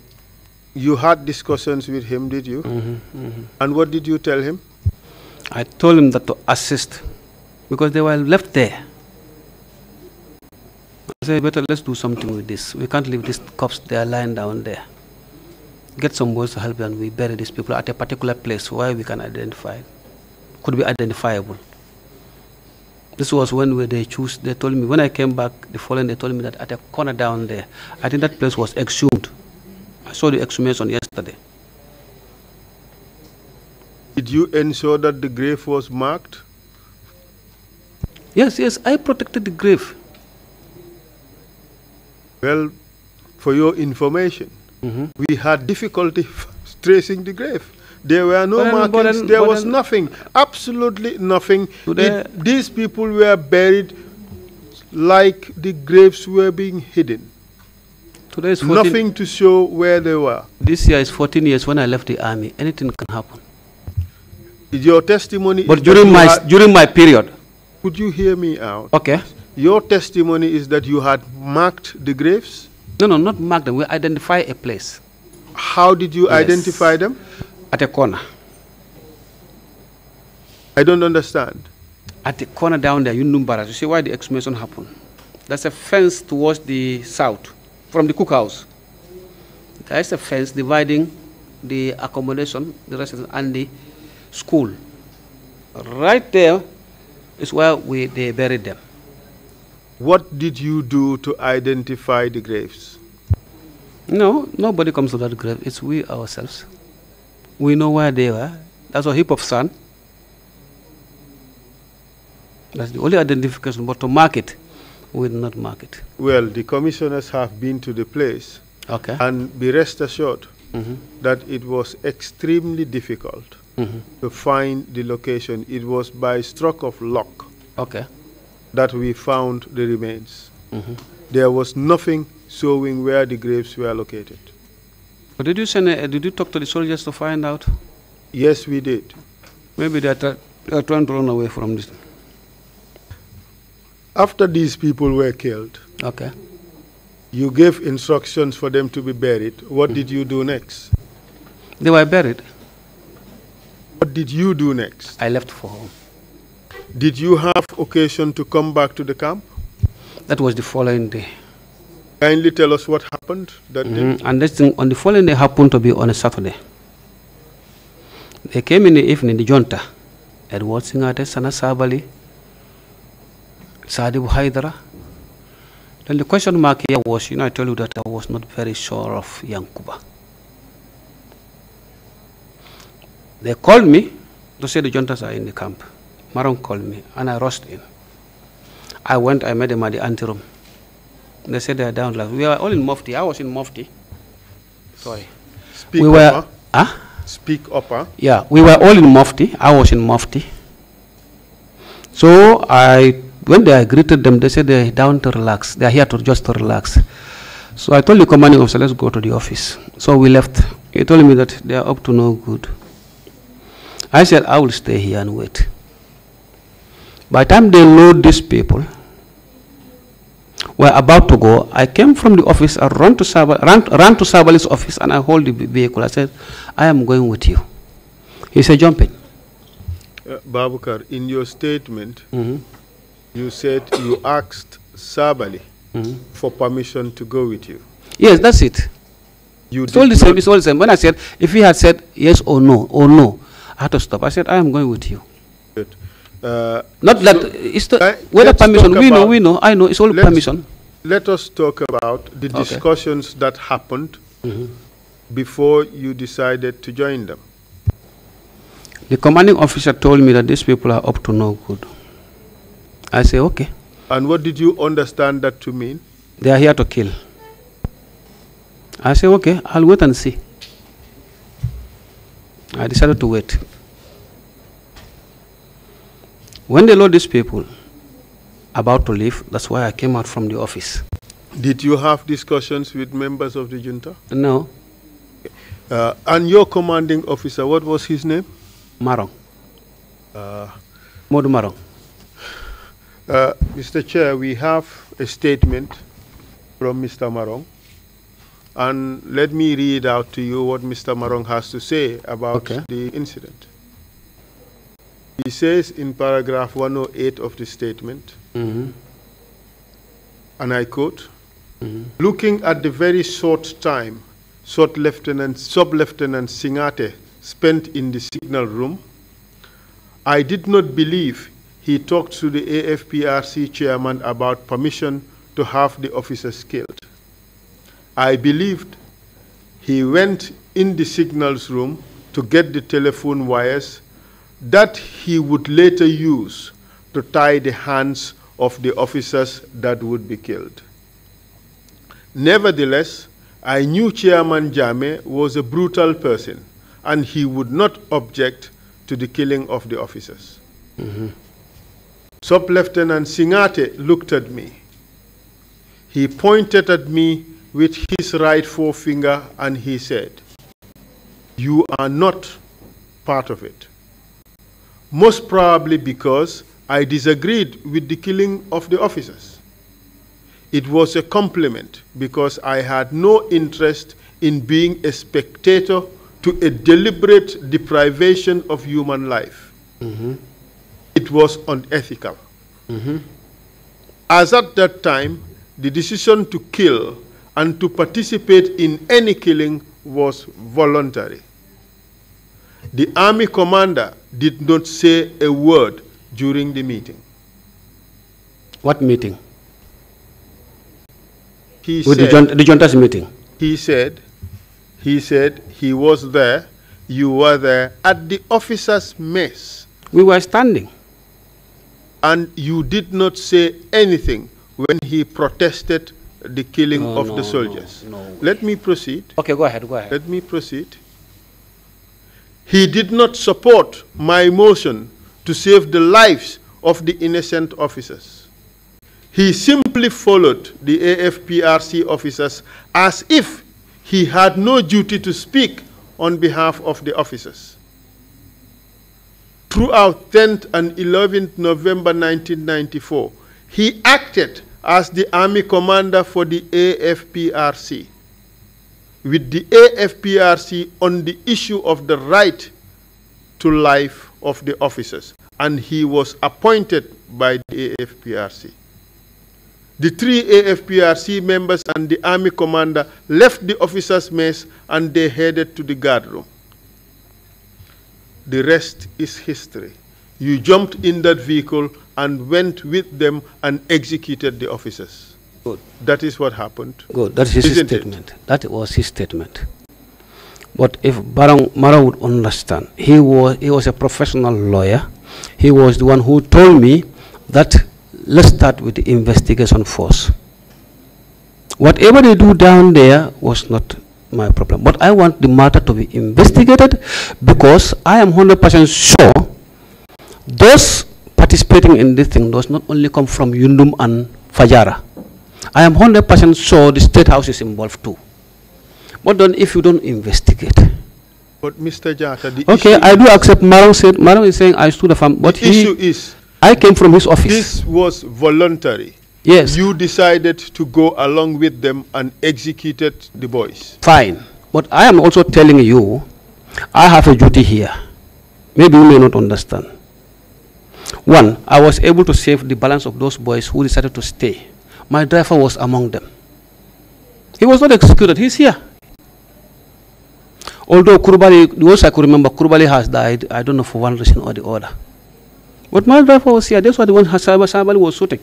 you had discussions with him, did you? Mm -hmm, mm -hmm. And what did you tell him? I told him that to assist because they were left there say, better let's do something with this. We can't leave these cops, they are lying down there. Get some boys to help and we bury these people at a particular place where we can identify, could be identifiable. This was when we, they choose, they told me, when I came back the following, they told me that at a corner down there, I think that place was exhumed. I saw the exhumation yesterday. Did you ensure that the grave was marked? Yes, yes, I protected the grave. Well, for your information, mm -hmm. we had difficulty tracing the grave. There were no but markings, then, there was nothing, absolutely nothing. It, these people were buried like the graves were being hidden. Today is 14, Nothing to show where they were. This year is 14 years when I left the army. Anything can happen. Your testimony. But during my during my period. Could you hear me out? Okay. Your testimony is that you had marked the graves? No, no, not marked them. We identify a place. How did you yes. identify them? At a corner. I don't understand. At the corner down there, you Yundumbaras, you see why the exhumation happened. There's a fence towards the south from the cookhouse. There is a fence dividing the accommodation, the residence, and the school. Right there is where we, they buried them. What did you do to identify the graves? No, nobody comes to that grave. It's we ourselves. We know where they were. That's a heap of sand. That's the only identification. But to mark it, we did not mark it. Well, the commissioners have been to the place. Okay. And be rest assured mm -hmm. that it was extremely difficult mm -hmm. to find the location. It was by stroke of luck. Okay that we found the remains. Mm -hmm. There was nothing showing where the graves were located. But did you send? A, uh, did you talk to the soldiers to find out? Yes, we did. Maybe they are, they are trying to run away from this. After these people were killed, okay, you gave instructions for them to be buried. What mm. did you do next? They were buried. What did you do next? I left for home. Did you have occasion to come back to the camp? That was the following day. Kindly tell us what happened that mm -hmm. day. Mm-hmm. And this thing on the following day happened to be on a Saturday. They came in the evening, the junta, Edward Singate, Sana Sabali, Sadibu Haidara. Then the question mark here was, you know, I told you that I was not very sure of Yankuba. They called me to say the juntas are in the camp. Maron called me and I rushed in. I went, I met them at the anteroom. They said they are down. Like, we were all in Mufti. I was in Mufti. Sorry. Speak we were, up, huh? Speak upper. Yeah, we were all in Mufti. I was in Mufti. So I, when they greeted them, they said they're down to relax. They're here to just to relax. So I told the commanding officer, let's go to the office. So we left. He told me that they are up to no good. I said, I will stay here and wait. By the time they load these people, we're about to go, I came from the office, I ran to, Sabal, ran, ran to Sabali's office, and I hold the vehicle. I said, I am going with you. He said, jump in. Uh, Babukar, in your statement, mm -hmm. you said you asked Sabali mm -hmm. for permission to go with you. Yes, that's it. You it's all the same. It's all the same. When I said, if he had said yes or no, or no, I had to stop. I said, I am going with you. Uh, Not so that it's the, I, eh, permission. We know, we know, I know. It's all let permission. Let us talk about the okay. discussions that happened mm -hmm. before you decided to join them. The commanding officer told me that these people are up to no good. I say, okay. And what did you understand that to mean? They are here to kill. I say, okay, I'll wait and see. I decided to wait. When they load these people about to leave, that's why I came out from the office. Did you have discussions with members of the junta? No. Uh, and your commanding officer, what was his name? Marong. Uh, Modu Marong. Uh, Mr. Chair, we have a statement from Mr. Marong. And let me read out to you what Mr. Marong has to say about okay. the incident. He says in paragraph 108 of the statement, mm -hmm. and I quote, mm -hmm. looking at the very short time short Lieutenant, Sub Lieutenant Singate spent in the signal room, I did not believe he talked to the AFPRC chairman about permission to have the officers killed. I believed he went in the signals room to get the telephone wires that he would later use to tie the hands of the officers that would be killed. Nevertheless, I knew Chairman Jame was a brutal person and he would not object to the killing of the officers. Mm -hmm. Sub Lieutenant Singate looked at me. He pointed at me with his right forefinger and he said, You are not part of it most probably because I disagreed with the killing of the officers. It was a compliment because I had no interest in being a spectator to a deliberate deprivation of human life. Mm -hmm. It was unethical. Mm -hmm. As at that time, the decision to kill and to participate in any killing was voluntary. The army commander did not say a word during the meeting. What meeting? He With said, the, John, the Junta's meeting. He said, he said he was there, you were there at the officers' mess. We were standing. And you did not say anything when he protested the killing no, of no, the soldiers. No, Let me proceed. Okay, go ahead, go ahead. Let me proceed. He did not support my motion to save the lives of the innocent officers. He simply followed the AFPRC officers as if he had no duty to speak on behalf of the officers. Throughout 10th and 11th November 1994, he acted as the army commander for the AFPRC with the AFPRC on the issue of the right to life of the officers, and he was appointed by the AFPRC. The three AFPRC members and the army commander left the officers' mess and they headed to the guard room. The rest is history. You jumped in that vehicle and went with them and executed the officers. Good. That is what happened. Good. That is his statement. It? That was his statement. But if Baron Mara would understand, he was he was a professional lawyer. He was the one who told me that let's start with the investigation first. Whatever they do down there was not my problem. But I want the matter to be investigated because I am 100% sure those participating in this thing does not only come from Yundum and Fajara. I am 100% sure the State House is involved too. But then if you don't investigate, but Mr. Jata, okay, I do accept. Maroon said, Maroon is saying I stood the farm, um, but the he, issue is, I came from his office. This was voluntary. Yes. You decided to go along with them and executed the boys. Fine, but I am also telling you, I have a duty here. Maybe you may not understand. One, I was able to save the balance of those boys who decided to stay. My driver was among them. He was not executed, he's here. Although Kurubali, worst I could remember, Kurubali has died, I don't know for one reason or the other. But my driver was here, that's why the one Sabali was shooting.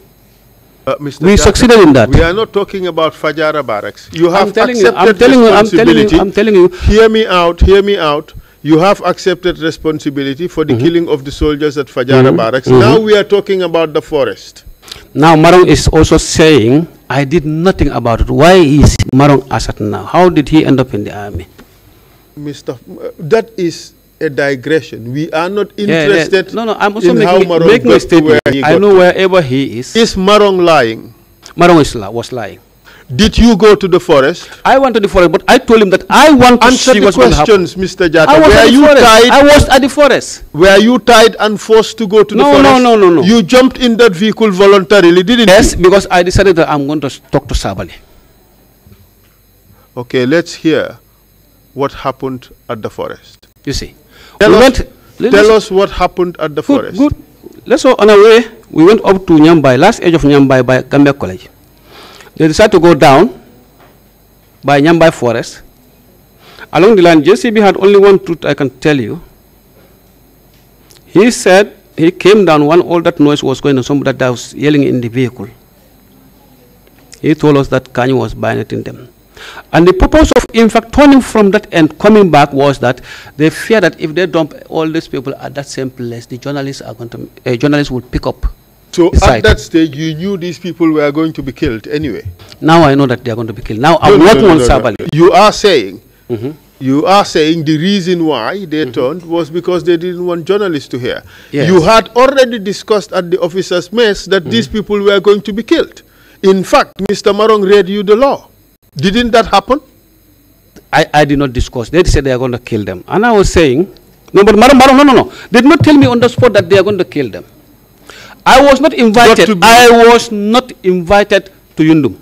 Uh, we succeeded in that. We are not talking about Fajara barracks. You have I'm telling accepted you, I'm telling responsibility. You, I'm telling you, I'm telling you. Hear me out, hear me out. You have accepted responsibility for the mm -hmm. killing of the soldiers at Fajara mm -hmm. barracks. Mm -hmm. Now we are talking about the forest. Now Marong is also saying, I did nothing about it. Why is Marong Assad now? How did he end up in the army? Mr. Uh, that is a digression. We are not interested yeah, yeah. No, no, I'm also making, how Marong making a statement. I know wherever he is. Is Marong lying? Marong is, was lying. Did you go to the forest? I went to the forest, but I told him that I want to Answer see the what's questions, Mr. Jata. I was Were at the you forest. tied? I was at the forest. Were you tied and forced to go to no, the forest? No, no, no, no. You jumped in that vehicle voluntarily, didn't yes, you? Yes, because I decided that I'm going to talk to Sabali. Okay, let's hear what happened at the forest. You see, tell, we us, went, tell us what happened at the good, forest. Good. Let's go on our way. We went up to Nyambai, last edge of Nyambai by Gambia College. They decided to go down by Nyambai Forest. Along the line, JCB had only one truth I can tell you. He said he came down when all that noise was going on, somebody that was yelling in the vehicle. He told us that Kanye was bayoneting them. And the purpose of, in fact, turning from that and coming back was that they fear that if they dump all these people at that same place, the journalists are going to, uh, journalists will pick up so at that stage, you knew these people were going to be killed anyway. Now I know that they are going to be killed. Now I'm no, working no, no, on Sabali. You are saying, mm -hmm. you are saying the reason why they mm -hmm. turned was because they didn't want journalists to hear. Yes. You had already discussed at the officers' mess that mm -hmm. these people were going to be killed. In fact, Mr. Marong read you the law. Didn't that happen? I, I did not discuss. They said they are going to kill them. And I was saying, no, but Marong, Marong, no, no, no. They did not tell me on the spot that they are going to kill them. I was not invited. Not I was not invited to Yundum.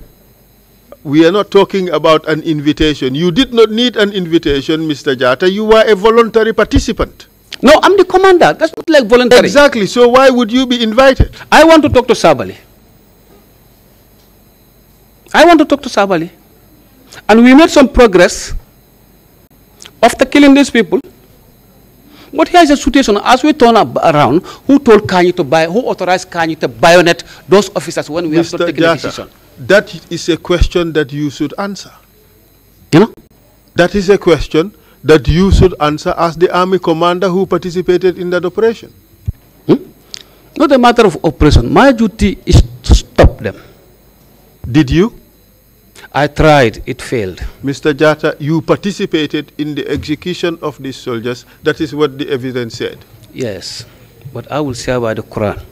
We are not talking about an invitation. You did not need an invitation, Mr. Jata. You were a voluntary participant. No, I'm the commander. That's not like voluntary. Exactly. So why would you be invited? I want to talk to Sabali. I want to talk to Sabali. And we made some progress after killing these people. But here's the situation. As we turn around, who told Kanye to buy, who authorized Kanye to bayonet those officers when we Mr. have to take a decision? That is a question that you should answer. You know? That is a question that you should answer as the army commander who participated in that operation. Hmm? Not a matter of operation. My duty is to stop them. Did you? I tried, it failed. Mr. Jatta, you participated in the execution of these soldiers. That is what the evidence said. Yes, but I will say about the Quran.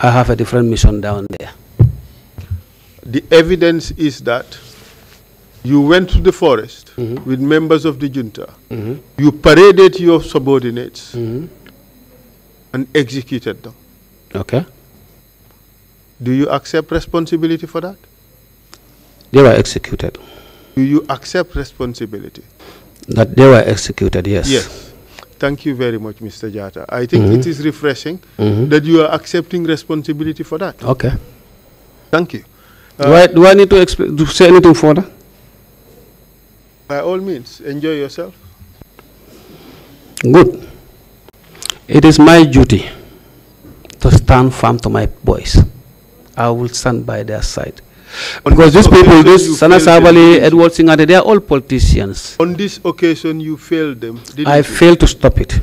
I have a different mission down there. The evidence is that you went to the forest mm -hmm. with members of the junta. Mm -hmm. You paraded your subordinates mm -hmm. and executed them. Okay. Do you accept responsibility for that? They were executed. Do you accept responsibility? That they were executed, yes. Yes. Thank you very much, Mr. Jata. I think mm -hmm. it is refreshing mm -hmm. that you are accepting responsibility for that. Okay. Thank you. Uh, do, I, do I need to, to say anything further? By all means, enjoy yourself. Good. It is my duty to stand firm to my boys. I will stand by their side. On because these people, this Sana Sabali, Edward Singate, they are all politicians. On this occasion, you failed them. I you? failed to stop it.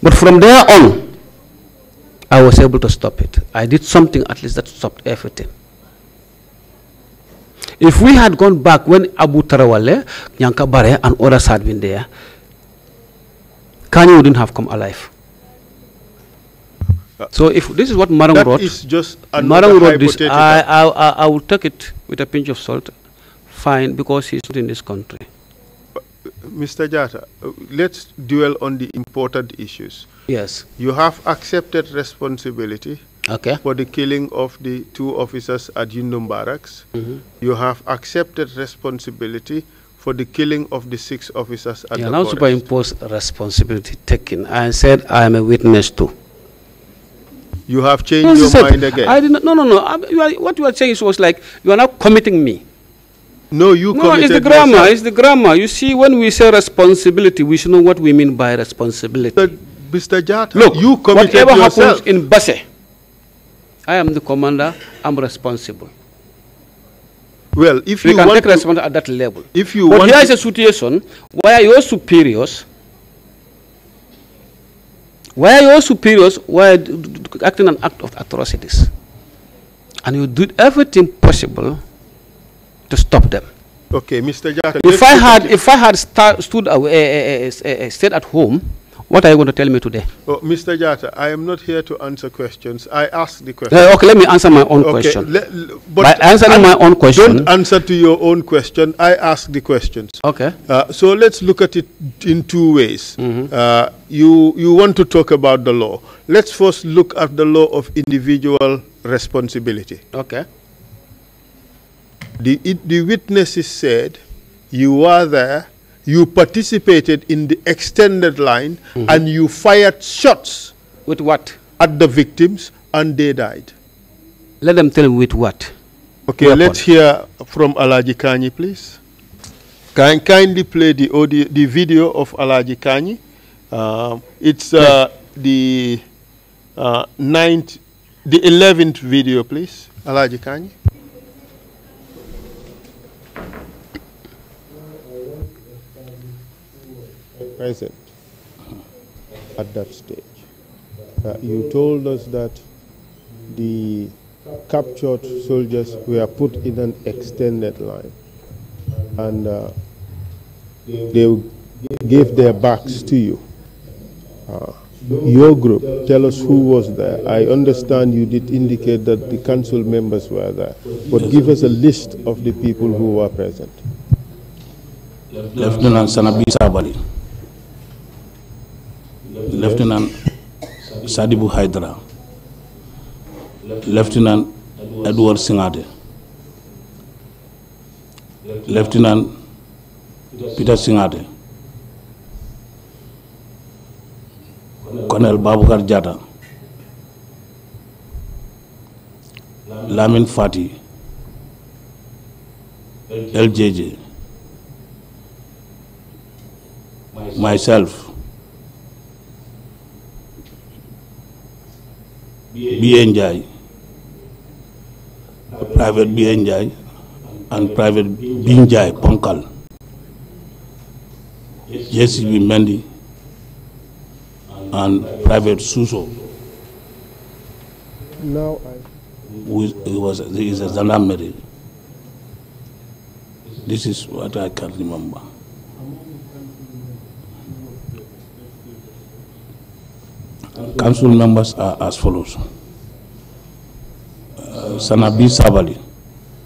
But from there on, I was able to stop it. I did something at least that stopped everything. If we had gone back when Abu Tarawale, Nyanka Bare, and others had been there, Kanye wouldn't have come alive so if this is what Marang that wrote, is just Marang wrote this. I, I, I will take it with a pinch of salt. Fine, because he's not in this country. Mr. Jata, let's dwell on the important issues. Yes. You have accepted responsibility okay. for the killing of the two officers at Yundum Barracks. Mm -hmm. You have accepted responsibility for the killing of the six officers at yeah, the now superimposed responsibility taken. I said I am a witness too. You have changed your said, mind again. I did not, no, no, no. I, you are, what you are saying was like you are now committing me. No, you no, it's the grammar. Myself. It's the grammar. You see, when we say responsibility, we should know what we mean by responsibility. But Mr. Jata, Look, you committed whatever yourself. happens in Basse, I am the commander. I'm responsible. Well, if we you can want take responsibility at that level. If you but want here is a situation where your superiors why your superiors were acting an act of atrocities. And you did everything possible to stop them. Okay, Mr. If I had, if I had stood, away, uh, uh, uh, stayed at home, what are you going to tell me today? Oh, Mr. Jata, I am not here to answer questions. I ask the question. Uh, okay, let me answer my own okay, question. Le, but By answering my own question. Don't answer to your own question. I ask the questions. Okay. Uh, so let's look at it in two ways. Mm -hmm. uh, you, you want to talk about the law. Let's first look at the law of individual responsibility. Okay. The, it, the witnesses said, You were there you participated in the extended line mm -hmm. and you fired shots. With what? At the victims and they died. Let them tell with what? Okay, Weapon. let's hear from Alaji please. Can kindly play the audio, the video of Alaji uh, it's uh, the uh, ninth, the eleventh video, please. Alaji present at that stage. Uh, you told us that the captured soldiers were put in an extended line and uh, they gave their backs to you. Uh, your group, tell us who was there. I understand you did indicate that the council members were there, but give us a list of the people who were present. Lieutenant Sanabisa Sabali. Lieutenant Sadibu Hydra, Lieutenant Edward Singade, Lieutenant Peter Singade, Colonel Babukar Jata, Lamin Fati, LJJ, myself, BA private BA and private B Njai Ponkal, JCB Mendy, and private Suso. Now I. Who is, was, is a gendarmerie. This is what I can remember. council members are as follows. Uh, Sana Sanabi Sabali,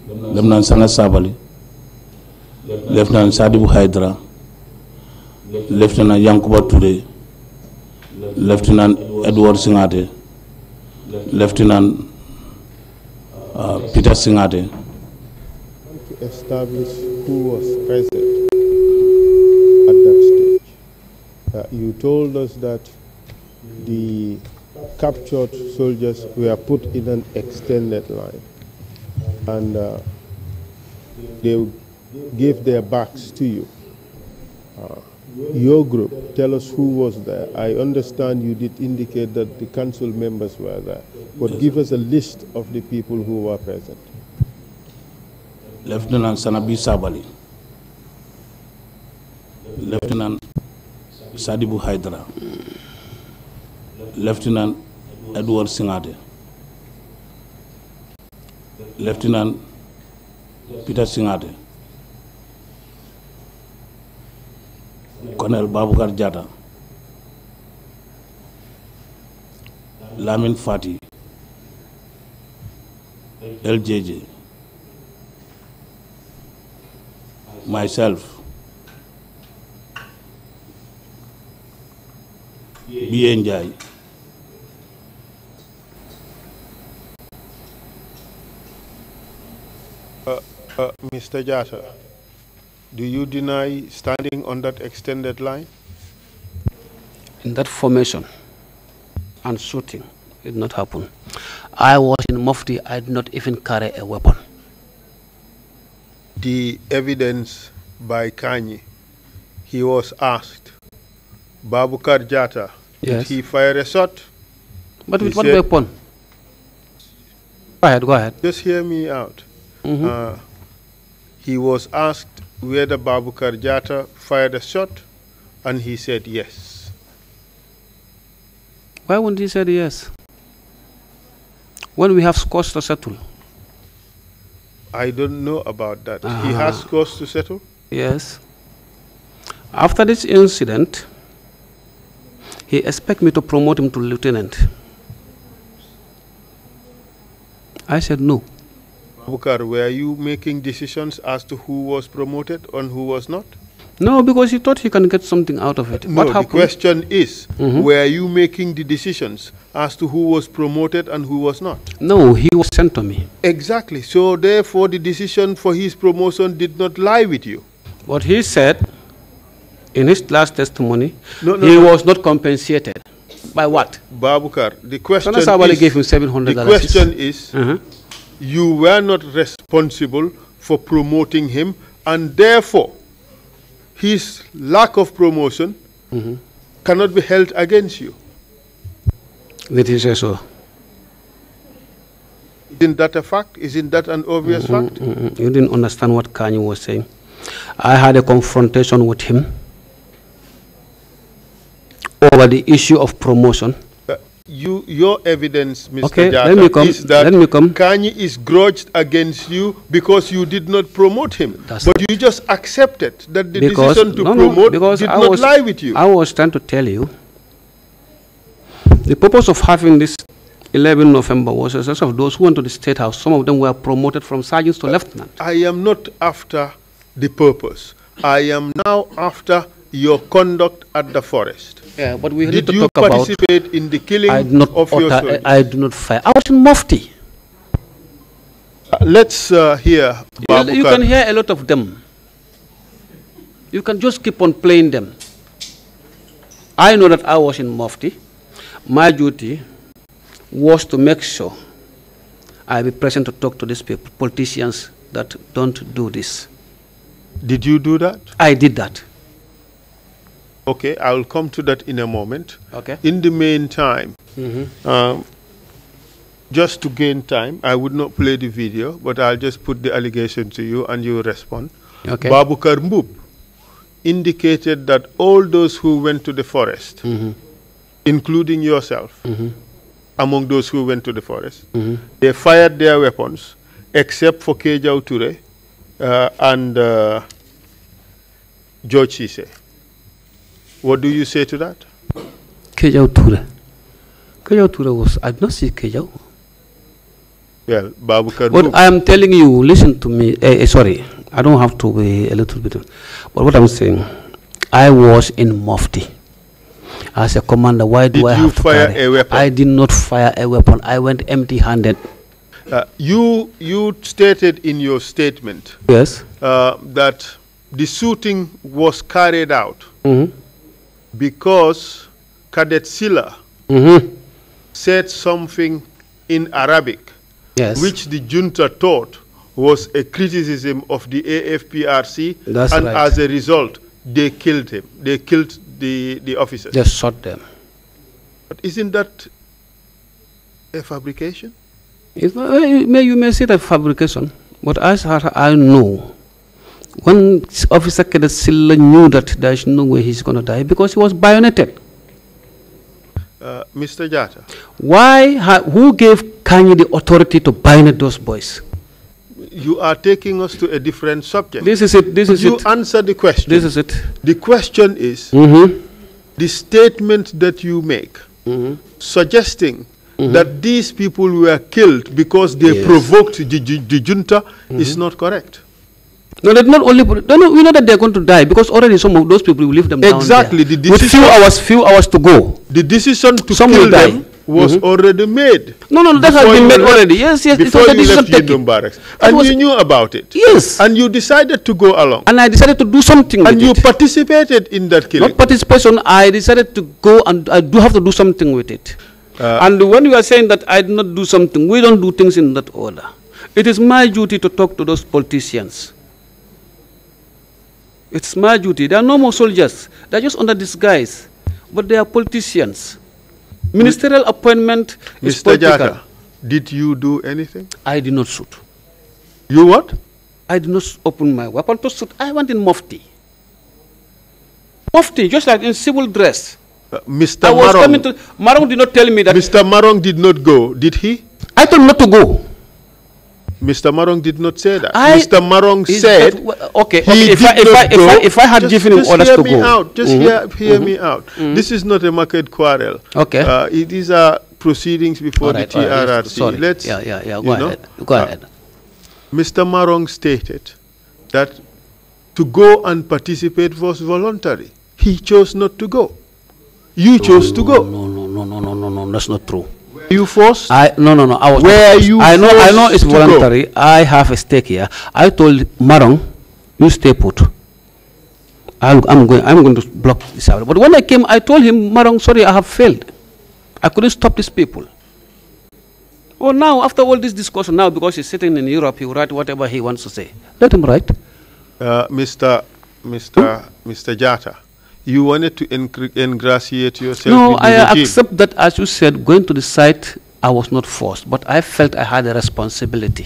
Lieutenant Sana Sabali, Lieutenant Sadibu Hydra, Lieutenant Yankuba Touré, Lieutenant Edward Singade, Lieutenant uh, Peter Singade. To establish who was present at that stage, uh, you told us that the captured soldiers were put in an extended line and uh, they give their backs to you. Uh, your group, tell us who was there. I understand you did indicate that the council members were there, but give us a list of the people who were present. Lieutenant Sanabi Sabali, Lieutenant Sadibu Hydra. Lieutenant Edward Singade, Lieutenant Peter Singade, Colonel Babukar Jata, Lamin Fati, LJJ, myself, BNJ. Uh, Mr. Jata, do you deny standing on that extended line? In that formation and shooting did not happen. I was in Mufti, I did not even carry a weapon. The evidence by Kanye, he was asked, Babukar Jata, yes. did he fire a shot? But he with what weapon? Go ahead, go ahead. Just hear me out. Mm -hmm. uh, he was asked whether Babu Karjata fired a shot, and he said yes. Why wouldn't he say yes? When we have scores to settle. I don't know about that. Uh -huh. He uh-huh. has scores to settle? Yes. After this incident, he expect me to promote him to lieutenant. I said no. Hukar, were you making decisions as to who was promoted and who was not? No, because he thought he can get something out of it. No, what happened? the question is, mm -hmm. were you making the decisions as to who was promoted and who was not? No, he was sent to me. Exactly. So therefore, the decision for his promotion did not lie with you. What he said in his last testimony, no, no, he no. was not compensated. By what? Babukar, the question is... gave him $700. The question is, mm -hmm you were not responsible for promoting him, and therefore his lack of promotion mm -hmm. cannot be held against you. That is so. Isn't that a fact? Isn't that an obvious mm -hmm. fact? Mm -hmm. You didn't understand what Kanye was saying. I had a confrontation with him over the issue of promotion you your evidence, Mr. Okay, Jata, let me come. is that let me come. Kanye is grudged against you because you did not promote him. That's but you just accepted that the because, decision to no, promote no, did I not was, lie with you. I was trying to tell you the purpose of having this 11 November was as success of those who went to the State House. Some of them were promoted from sergeants to uh, lieutenant. I am not after the purpose. I am now after your conduct at the forest. Yeah, but we need Did to talk about. Did you participate in the killing I not of your soldiers? I, I, do not fire. I was in Mufti. Uh, let's uh, hear. You, you can hear a lot of them. You can just keep on playing them. I know that I was in Mufti. My duty was to make sure I be present to talk to these people, politicians that don't do this. Did you do that? I did that. Okay, I will come to that in a moment. Okay. In the meantime, mm -hmm. um, just to gain time, I would not play the video, but I'll just put the allegation to you and you respond. Okay. Babu Karmbub indicated that all those who went to the forest, mm -hmm. including yourself, mm -hmm. among those who went to the forest, mm-hmm. they fired their weapons except for Kejau Ture uh, and uh, George Chise. What do you say to that? Kejau Tura. Kejau Tura was agnostic Kejau. Well, Babu Karbu. but I am telling you, listen to me. Eh, eh, sorry, I don't have to be a little bit. But what I'm saying, I was in Mufti. As a commander, why do did I have to fire carry? a weapon? I did not fire a weapon. I went empty-handed. Uh, you you stated in your statement yes uh, that the shooting was carried out mm -hmm because Cadet Silla mm -hmm. said something in Arabic, yes. which the junta thought was a criticism of the AFPRC, That's and right. as a result, they killed him. They killed the, the officers. They shot them. But isn't that a fabrication? It's not, eh, may, you may say that fabrication, but as I know, when Officer Kedasilla knew that there's no way he's going to die because he was bayoneted. Uh, Mr. Jata. Why, who gave Kanye the authority to bayonet those boys? You are taking us to a different subject. This is it. This is you it. You answer the question. This is it. The question is mm -hmm. the statement that you make mm -hmm. suggesting Mm -hmm. that these people were killed because they yes. provoked the, the, the junta mm -hmm. is mm-hmm. not correct. No, that not only. No, no, we know that they're going to die because already some of those people will leave them exactly. Down the With few hours, few hours to go. The decision to some kill them was mm -hmm. already made. No, no, that has been made left, already. Yes, yes. Before it's you left Yindum Barracks. And you knew about it. Yes. And you decided to go along. And I decided to do something And you it. participated in that killing. Not participation. I decided to go and I do have to do something with it. Uh, and when you are saying that I did not do something, we don't do things in that order. It is my duty to talk to those politicians it's my duty. There are no more soldiers. They're just under disguise. But they are politicians. Ministerial appointment Mr. is political. did you do anything? I did not shoot. You what? I did not open my weapon to shoot. I went in mufti. Mufti, just like in civil dress. Uh, Mr. Marong. To, Marong did not tell me that. Mr. Marong did not go, did he? I told him not to go. Mr. Marong did not say that. I, Mr. Marong said, "Okay, okay if, I, if, I, if, I, if I had just, given him orders to go, out. just mm -hmm. hear, hear mm -hmm. me out. Mm -hmm. This is not a market quarrel. Okay, uh, these are proceedings before right, the TRRC. Right, sorry. Let's, yeah, yeah, yeah. Go ahead. Know, go uh, ahead. Uh, Mr. Marong stated that to go and participate was voluntary. He chose not to go. You chose no, to go. No, no, no, no, no, no, no. That's not true you forced? I no no no. I was Where are you? I know I know it's voluntary. Go. I have a stake here. I told Maron, you stay put. I'm, I'm, going I'm going to block this out. But when I came, I told him, Marong, sorry, I have failed. I couldn't stop these people. Well, now, after all this discussion, now because he's sitting in Europe, he will write whatever he wants to say. Let him write. Uh, Mr. Mr. Hmm? Mr. Jata you wanted to ingratiate yourself. No, I accept that, as you said, going to the site, I was not forced, but I felt I had a responsibility.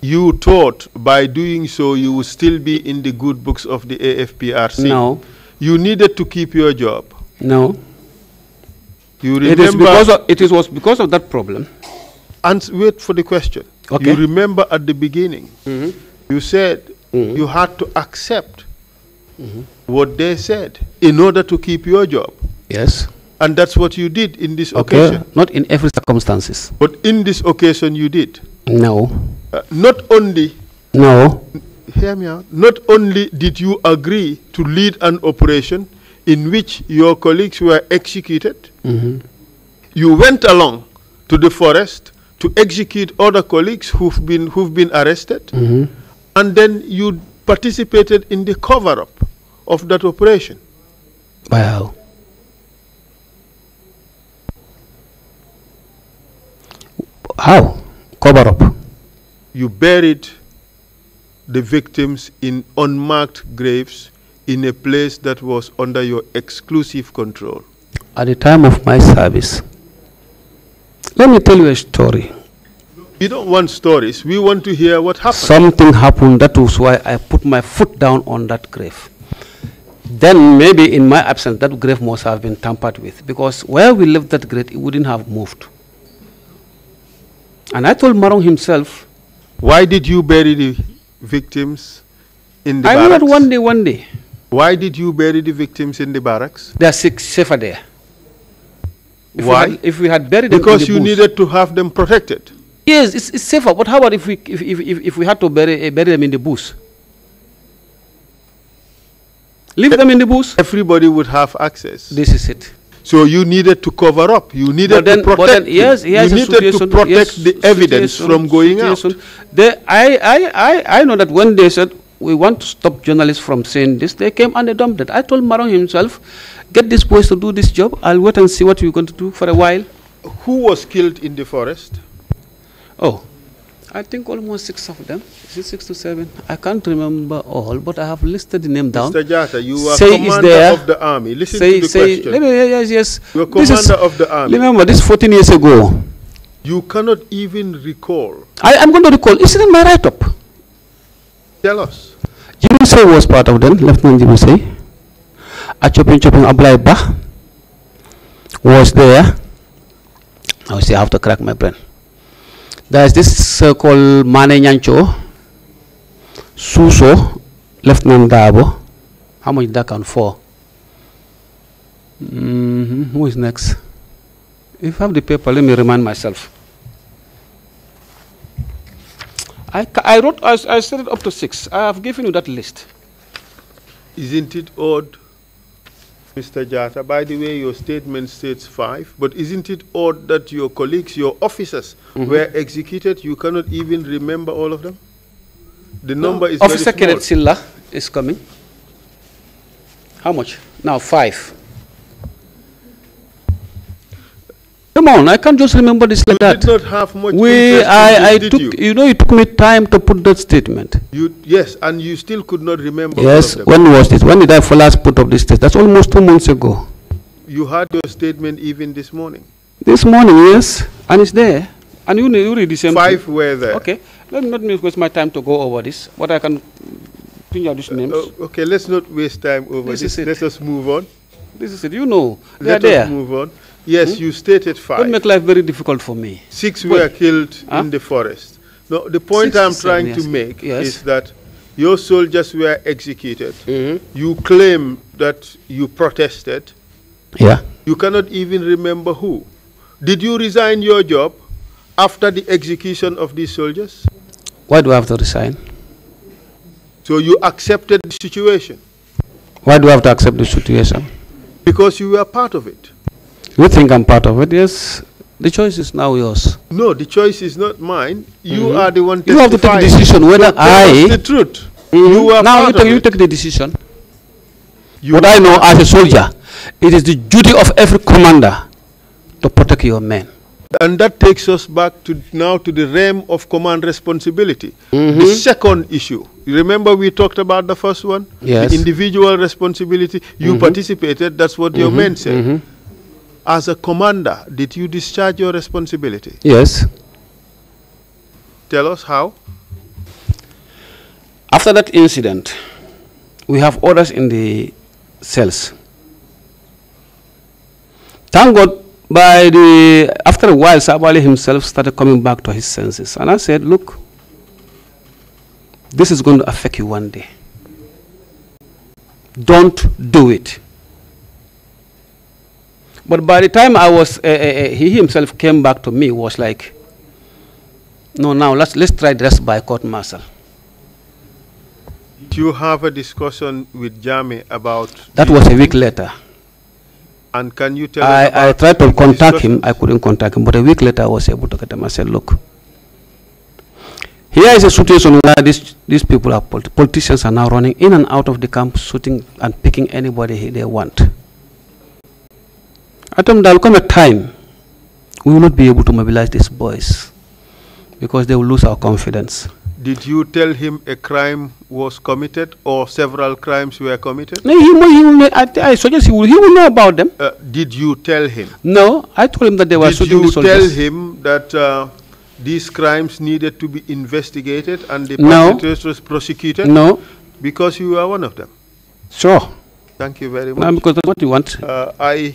You thought by doing so you would still be in the good books of the AFPRC. No. You needed to keep your job. No. You remember. It, is because of, it is, was because of that problem. And wait for the question. Okay. You remember at the beginning, mm -hmm. you said mm -hmm. you had to accept mm -hmm. what they said in order to keep your job. Yes. And that's what you did in this okay. occasion. Not in every circumstances. But in this occasion you did. No. Uh, not only. No. Hear me out. Not only did you agree to lead an operation in which your colleagues were executed, mm -hmm. you went along to the forest to execute other colleagues who've been who've been arrested, mm -hmm. and then you participated in the cover-up of that operation. By How? Cover up. You buried the victims in unmarked graves in a place that was under your exclusive control. At the time of my service, let me tell you a story. We don't want stories. We want to hear what happened. Something happened. That was why I put my foot down on that grave then maybe in my absence, that grave must have been tampered with because where we left that grave, it wouldn't have moved. And I told Marong himself. Why did you bury the victims in the I barracks? I one day, one day. Why did you bury the victims in the barracks? They are six, safer there. If Why? We had, if we had buried because them Because you booth, needed to have them protected. Yes, it's, it's, safer. But how about if we, if, if, if, if we had to bury, uh, bury them in the bush? Leave them in the bush. Everybody would have access. This is it. So you needed to cover up. You needed but then, to protect. Then, yes, yes, you needed to protect yes, the evidence from going situation. out. They, I, I, I, I know that when they said we want to stop journalists from saying this, they came and they dumped it. I told Maron himself, get these boys to do this job. I'll wait and see what you're going to do for a while. Who was killed in the forest? Oh, I think almost six of them, Is it six to seven. I can't remember all, but I have listed the name down. Mr. Jata, you are say commander there, of the army. Listen say, to the say, question. yes, yes. You are commander is, of the army. Remember, this 14 years ago. You cannot even recall. I am going to recall. is it in my write-up. Tell us. Jibusei was part of them, Lieutenant Jibusei. Achopin Chopin Ablai Bah was there. I will say I have to crack my brain. There's this uh, called Mane Nyancho, Suso, left Nandabo. How much that count for? Mm mm-hmm. Who is next? If I have the paper, let me remind myself. I, I wrote, I, I set it up to six. I have given you that list. Isn't it odd Mr. Jata, by the way, your statement states five, but isn't it odd that your colleagues, your officers, mm -hmm. were executed? You cannot even remember all of them? The no. number is Officer Kenneth Silla is coming. How much? Now, five. Come on, I can't just remember this like that. You did not have much we, I, I this, took, you? you? know, it took me time to put that statement. You, yes, and you still could not remember. Yes, when was this? When did I last put up this statement? That's almost two months ago. You had your statement even this morning. This morning, yes, and it's there. And you, you read the same. Five thing. were there. Okay, let me not waste my time to go over this. What I can bring out these uh, names. Uh, okay, let's not waste time over this. this. Let us move on. This is it. You know, they Let us there. move on. Yes, hmm? you stated five. That make life very difficult for me. Six Wait. were killed huh? in the forest. No, the point i am trying yes. to make yes. is that your soldiers were executed. Mm -hmm. You claim that you protested. Yeah. You cannot even remember who. Did you resign your job after the execution of these soldiers? Why do I have to resign? So you accepted the situation? Why do I have to accept the situation? Because you were part of it. You think I'm part of it? Yes. The choice is now yours. No, the choice is not mine. You mm -hmm. are the one. You have to take a decision whether no, I. the truth. Mm -hmm. You are now you, take, you take the decision. You what I know as a soldier, it is the duty of every commander to protect your men. And that takes us back to now to the realm of command responsibility. Mm -hmm. The mm-hmm. second issue. Remember we talked about the first one? Yes. The individual responsibility. You mm-hmm. participated, that's what your mm-hmm. men said as a commander, did you discharge your responsibility? Yes. Tell us how. After that incident, we have orders in the cells. Thank God, by the, after a while, Sabali himself started coming back to his senses. And I said, look, this is going to affect you one day. Don't do it. But by the time I was, uh, uh, he himself came back to me, was like, no, now let's, let's try this by court martial. Did you have a discussion with Jami about... That was a week later. And can you tell I, I tried to contact him. I couldn't contact him. But a week later, I was able to get him. I said, look, here is a situation where these, these people are politicians are now running in and out of the camp, shooting and picking anybody they want. Atom, there will come a time we will not be able to mobilize these boys because they will lose our confidence. Did you tell him a crime was committed or several crimes were committed? No, he, will, he I, I, suggest he will, he will know about them. Uh, did you tell him? No, I told him that they were did shooting soldiers. Did you tell him that uh, these crimes needed to be investigated and the no. perpetrators prosecuted? No. Because you were one of them? Sure. Thank you very much. No, because that's what you want. Uh, I.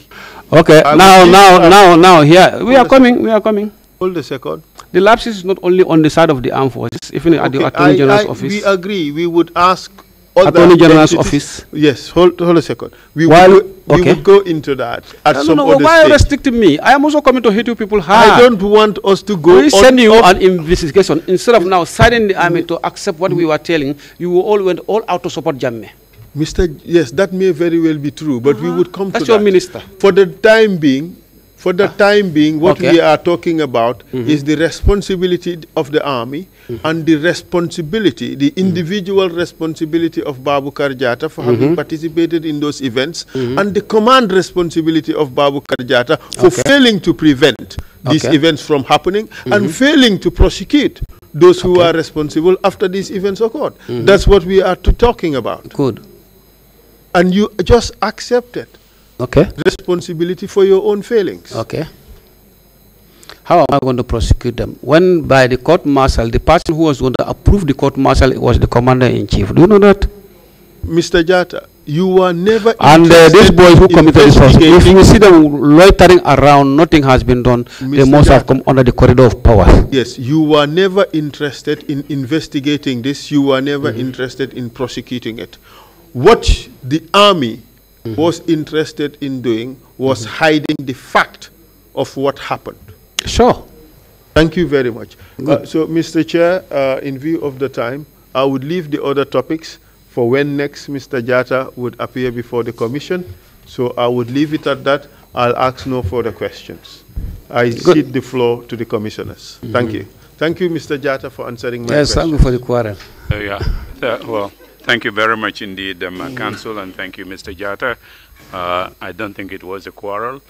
Okay. I now, now, uh, now, now. Here we are coming. We are coming. Hold a second. The lapses is not only on the side of the armed forces, even okay, at the Attorney I, General's I, office. We agree. We would ask. Attorney General's office. Yes. Hold, hold a second. We While, will, okay. go into that at no, some no, no, other Why stage. restricting me? I am also coming to hit you people hard. I don't want us to go. We send you an investigation instead of now signing the army to accept what we were telling. You all went all out to support Jammeh. Mr. Yes, that may very well be true, but uh -huh. we uh-huh. would come That's to your minister. For the time being, for the ah. time being, what okay. we are talking about mm -hmm. is the responsibility of the army mm -hmm. and the responsibility, the mm-hmm. individual mm -hmm. responsibility of Babu Karjata for having mm-hmm. participated in those events mm-hmm. and the command responsibility of Babu Karjata for okay. failing to prevent these okay. events from happening and failing to prosecute those who are responsible after these events occurred. That's what we are talking about. Good. And you just accepted okay. responsibility for your own failings. Okay. How am I going to prosecute them? When by the court martial, the person who was going to approve the court martial was the commander in chief. Do you know that? Mr. Jata, you were never. And uh, these boys who committed this if you see them loitering around, nothing has been done. Mr. They must Jata, have come under the corridor of power. Yes, you were never interested in investigating this. You were never mm -hmm. interested in prosecuting it what the army mm -hmm. was interested in doing was mm -hmm. hiding the fact of what happened. Sure. Thank you very much. Uh, so, Mr. Chair, uh, in view of the time, I would leave the other topics for when next Mr. Jata would appear before the Commission. So I would leave it at that. I'll ask no further questions. I cede the floor to the Commissioners. Mm -hmm. Thank mm-hmm. you. Thank you, Mr. Jata, for answering my yes, Yes, thank you for the quarrel. Uh, yeah, uh, well. Thank you very much indeed, um, mm. Council, and thank you, Mr. Jatta. Uh, I don't think it was a quarrel.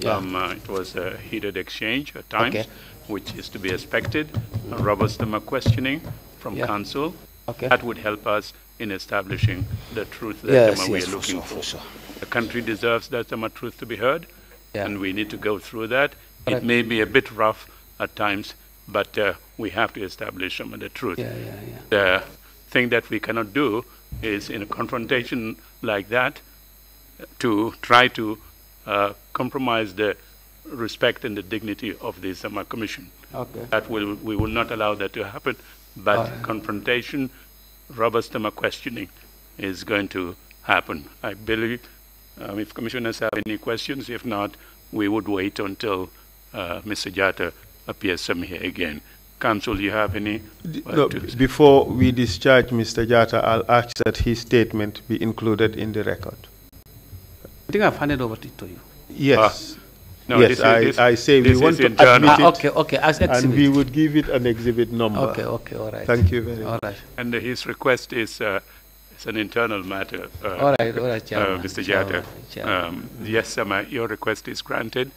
Yeah. Um, uh, it was a heated exchange at times, okay. which is to be expected. A robust um, questioning from yeah. Council. Okay. That would help us in establishing the truth that yes, yes, um, we are looking for. Sure, for. Sure. The country deserves that um, truth to be heard, yeah. and we need to go through that. It may be a bit rough at times, but uh, we have to establish um, the truth. Yeah, yeah, yeah thing that we cannot do is in a confrontation like that to try to uh, compromise the respect and the dignity of the Sama Commission. Okay. That will, we will not allow that to happen, but right. confrontation, robust Sama questioning is going to happen. I believe um, if commissioners have any questions, if not, we would wait until uh, Mr. Jatta appears from here again. Council, you have any? No, before we discharge Mr. Jata, I'll ask that his statement be included in the record. I think I've handed over to you. Yes. Ah. no, yes, I, I say we want to admit ah, okay, okay, as exhibit. And we would give it an exhibit number. Okay, okay, all right. Thank you very all much. And his request is uh, it's an internal matter. Uh, all right, all right, uh, Chairman. Mr. Jata. Um, yes, Sama, your request is granted.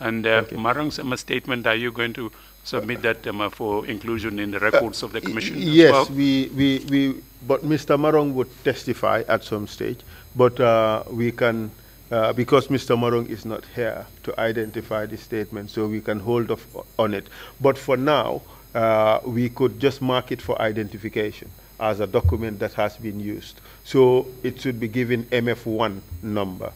And uh, Marang Sama statement, are you going to submit that um, uh, for inclusion in the records of the uh, commission? Yes, well? we, we, we, but Mr. Marong would testify at some stage, but uh, we can, uh, because Mr. Marong is not here to identify the statement, so we can hold off on it. But for now, uh, we could just mark it for identification as a document that has been used. So it should be given MF1 number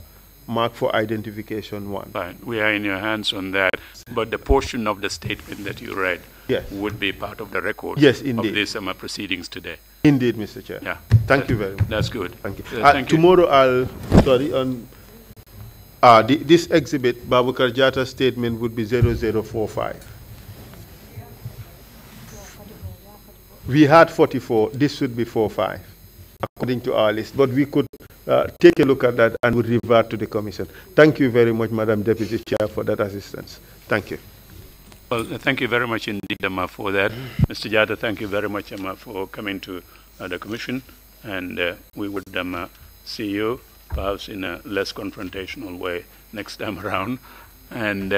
mark for identification one. Fine. We are in your hands on that. But the portion of the statement that you read yes. would be part of the record yes, indeed. of this summer proceedings today. Indeed, Mr. Chair. Yeah. Thank that, you very much. That's good. Thank you. Uh, thank uh, tomorrow you. I'll, sorry, on uh, the, this exhibit, Babu Karjata's statement would be 0045. We had 44. This should be 45, according to our list. But we could uh, take a look at that and will revert to the Commission. Thank you very much, Madam Deputy Chair, for that assistance. Thank you. Well, uh, thank you very much indeed, Emma, for that. Mm-hmm. Mr. Jada, thank you very much, Emma, for coming to uh, the Commission. And uh, we would um, uh, see you perhaps in a less confrontational way next time around. And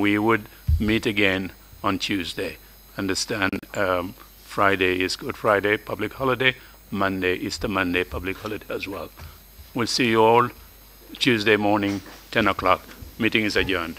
we would meet again on Tuesday. Understand um, Friday is Good Friday, public holiday. Monday, Easter Monday, public holiday as well. We'll see you all Tuesday morning, 10 o'clock. Meeting is adjourned.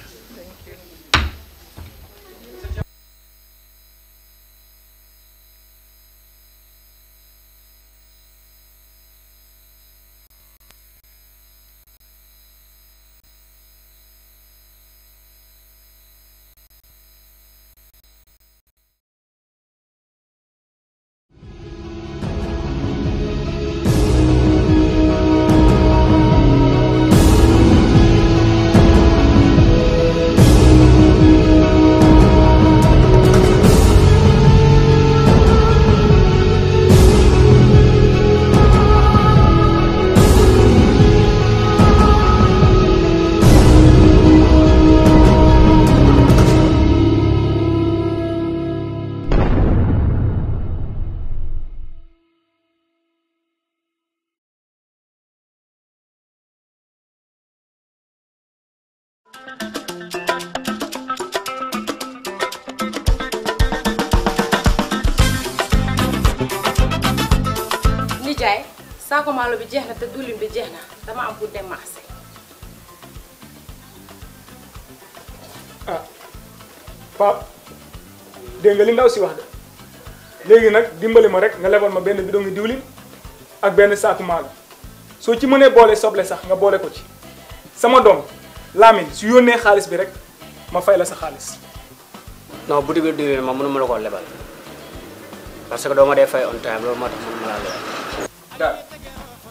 li ndaw si wax de legui nak dimbali ma rek nga lebon ma ben bidon diwlin ak ben saatu maalo so ci mënee bolé soblé sax nga bolé ko ci sama dom Lamine su yone xaalis bi rek ma fay la sa xaalis. non bu dee diwlin ma mënu ma la lebal parce que do ma dé fay on time lo ma tax mënu ma laa lebal. da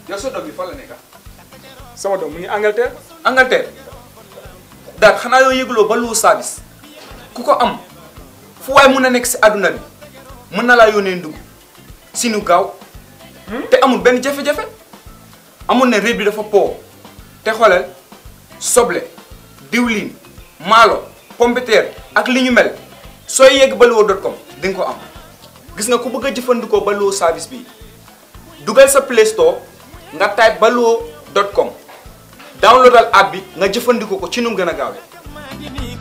yo so doom bi fan la nekk sama dom mu ngi Angleterre. Angleterre daal xanaa yoo ba lu service kuko am. fu waay mun a nekk si àdduna bi mën na laa yónnee ndugg si nu gaaw hmm? te amul benn jafe-jafe amul ne réew bi dafa po te xoolal soble diwlin maalo pompiteer ak li ñu mel sooy yegg baluwo dot com di ko am gis nga ku bëgg a jëfandikoo baluwo service bi dugal sa play store nga type baluwo dot com downloadal at bi nga jëfandikoo ko ci nu gën a gaawee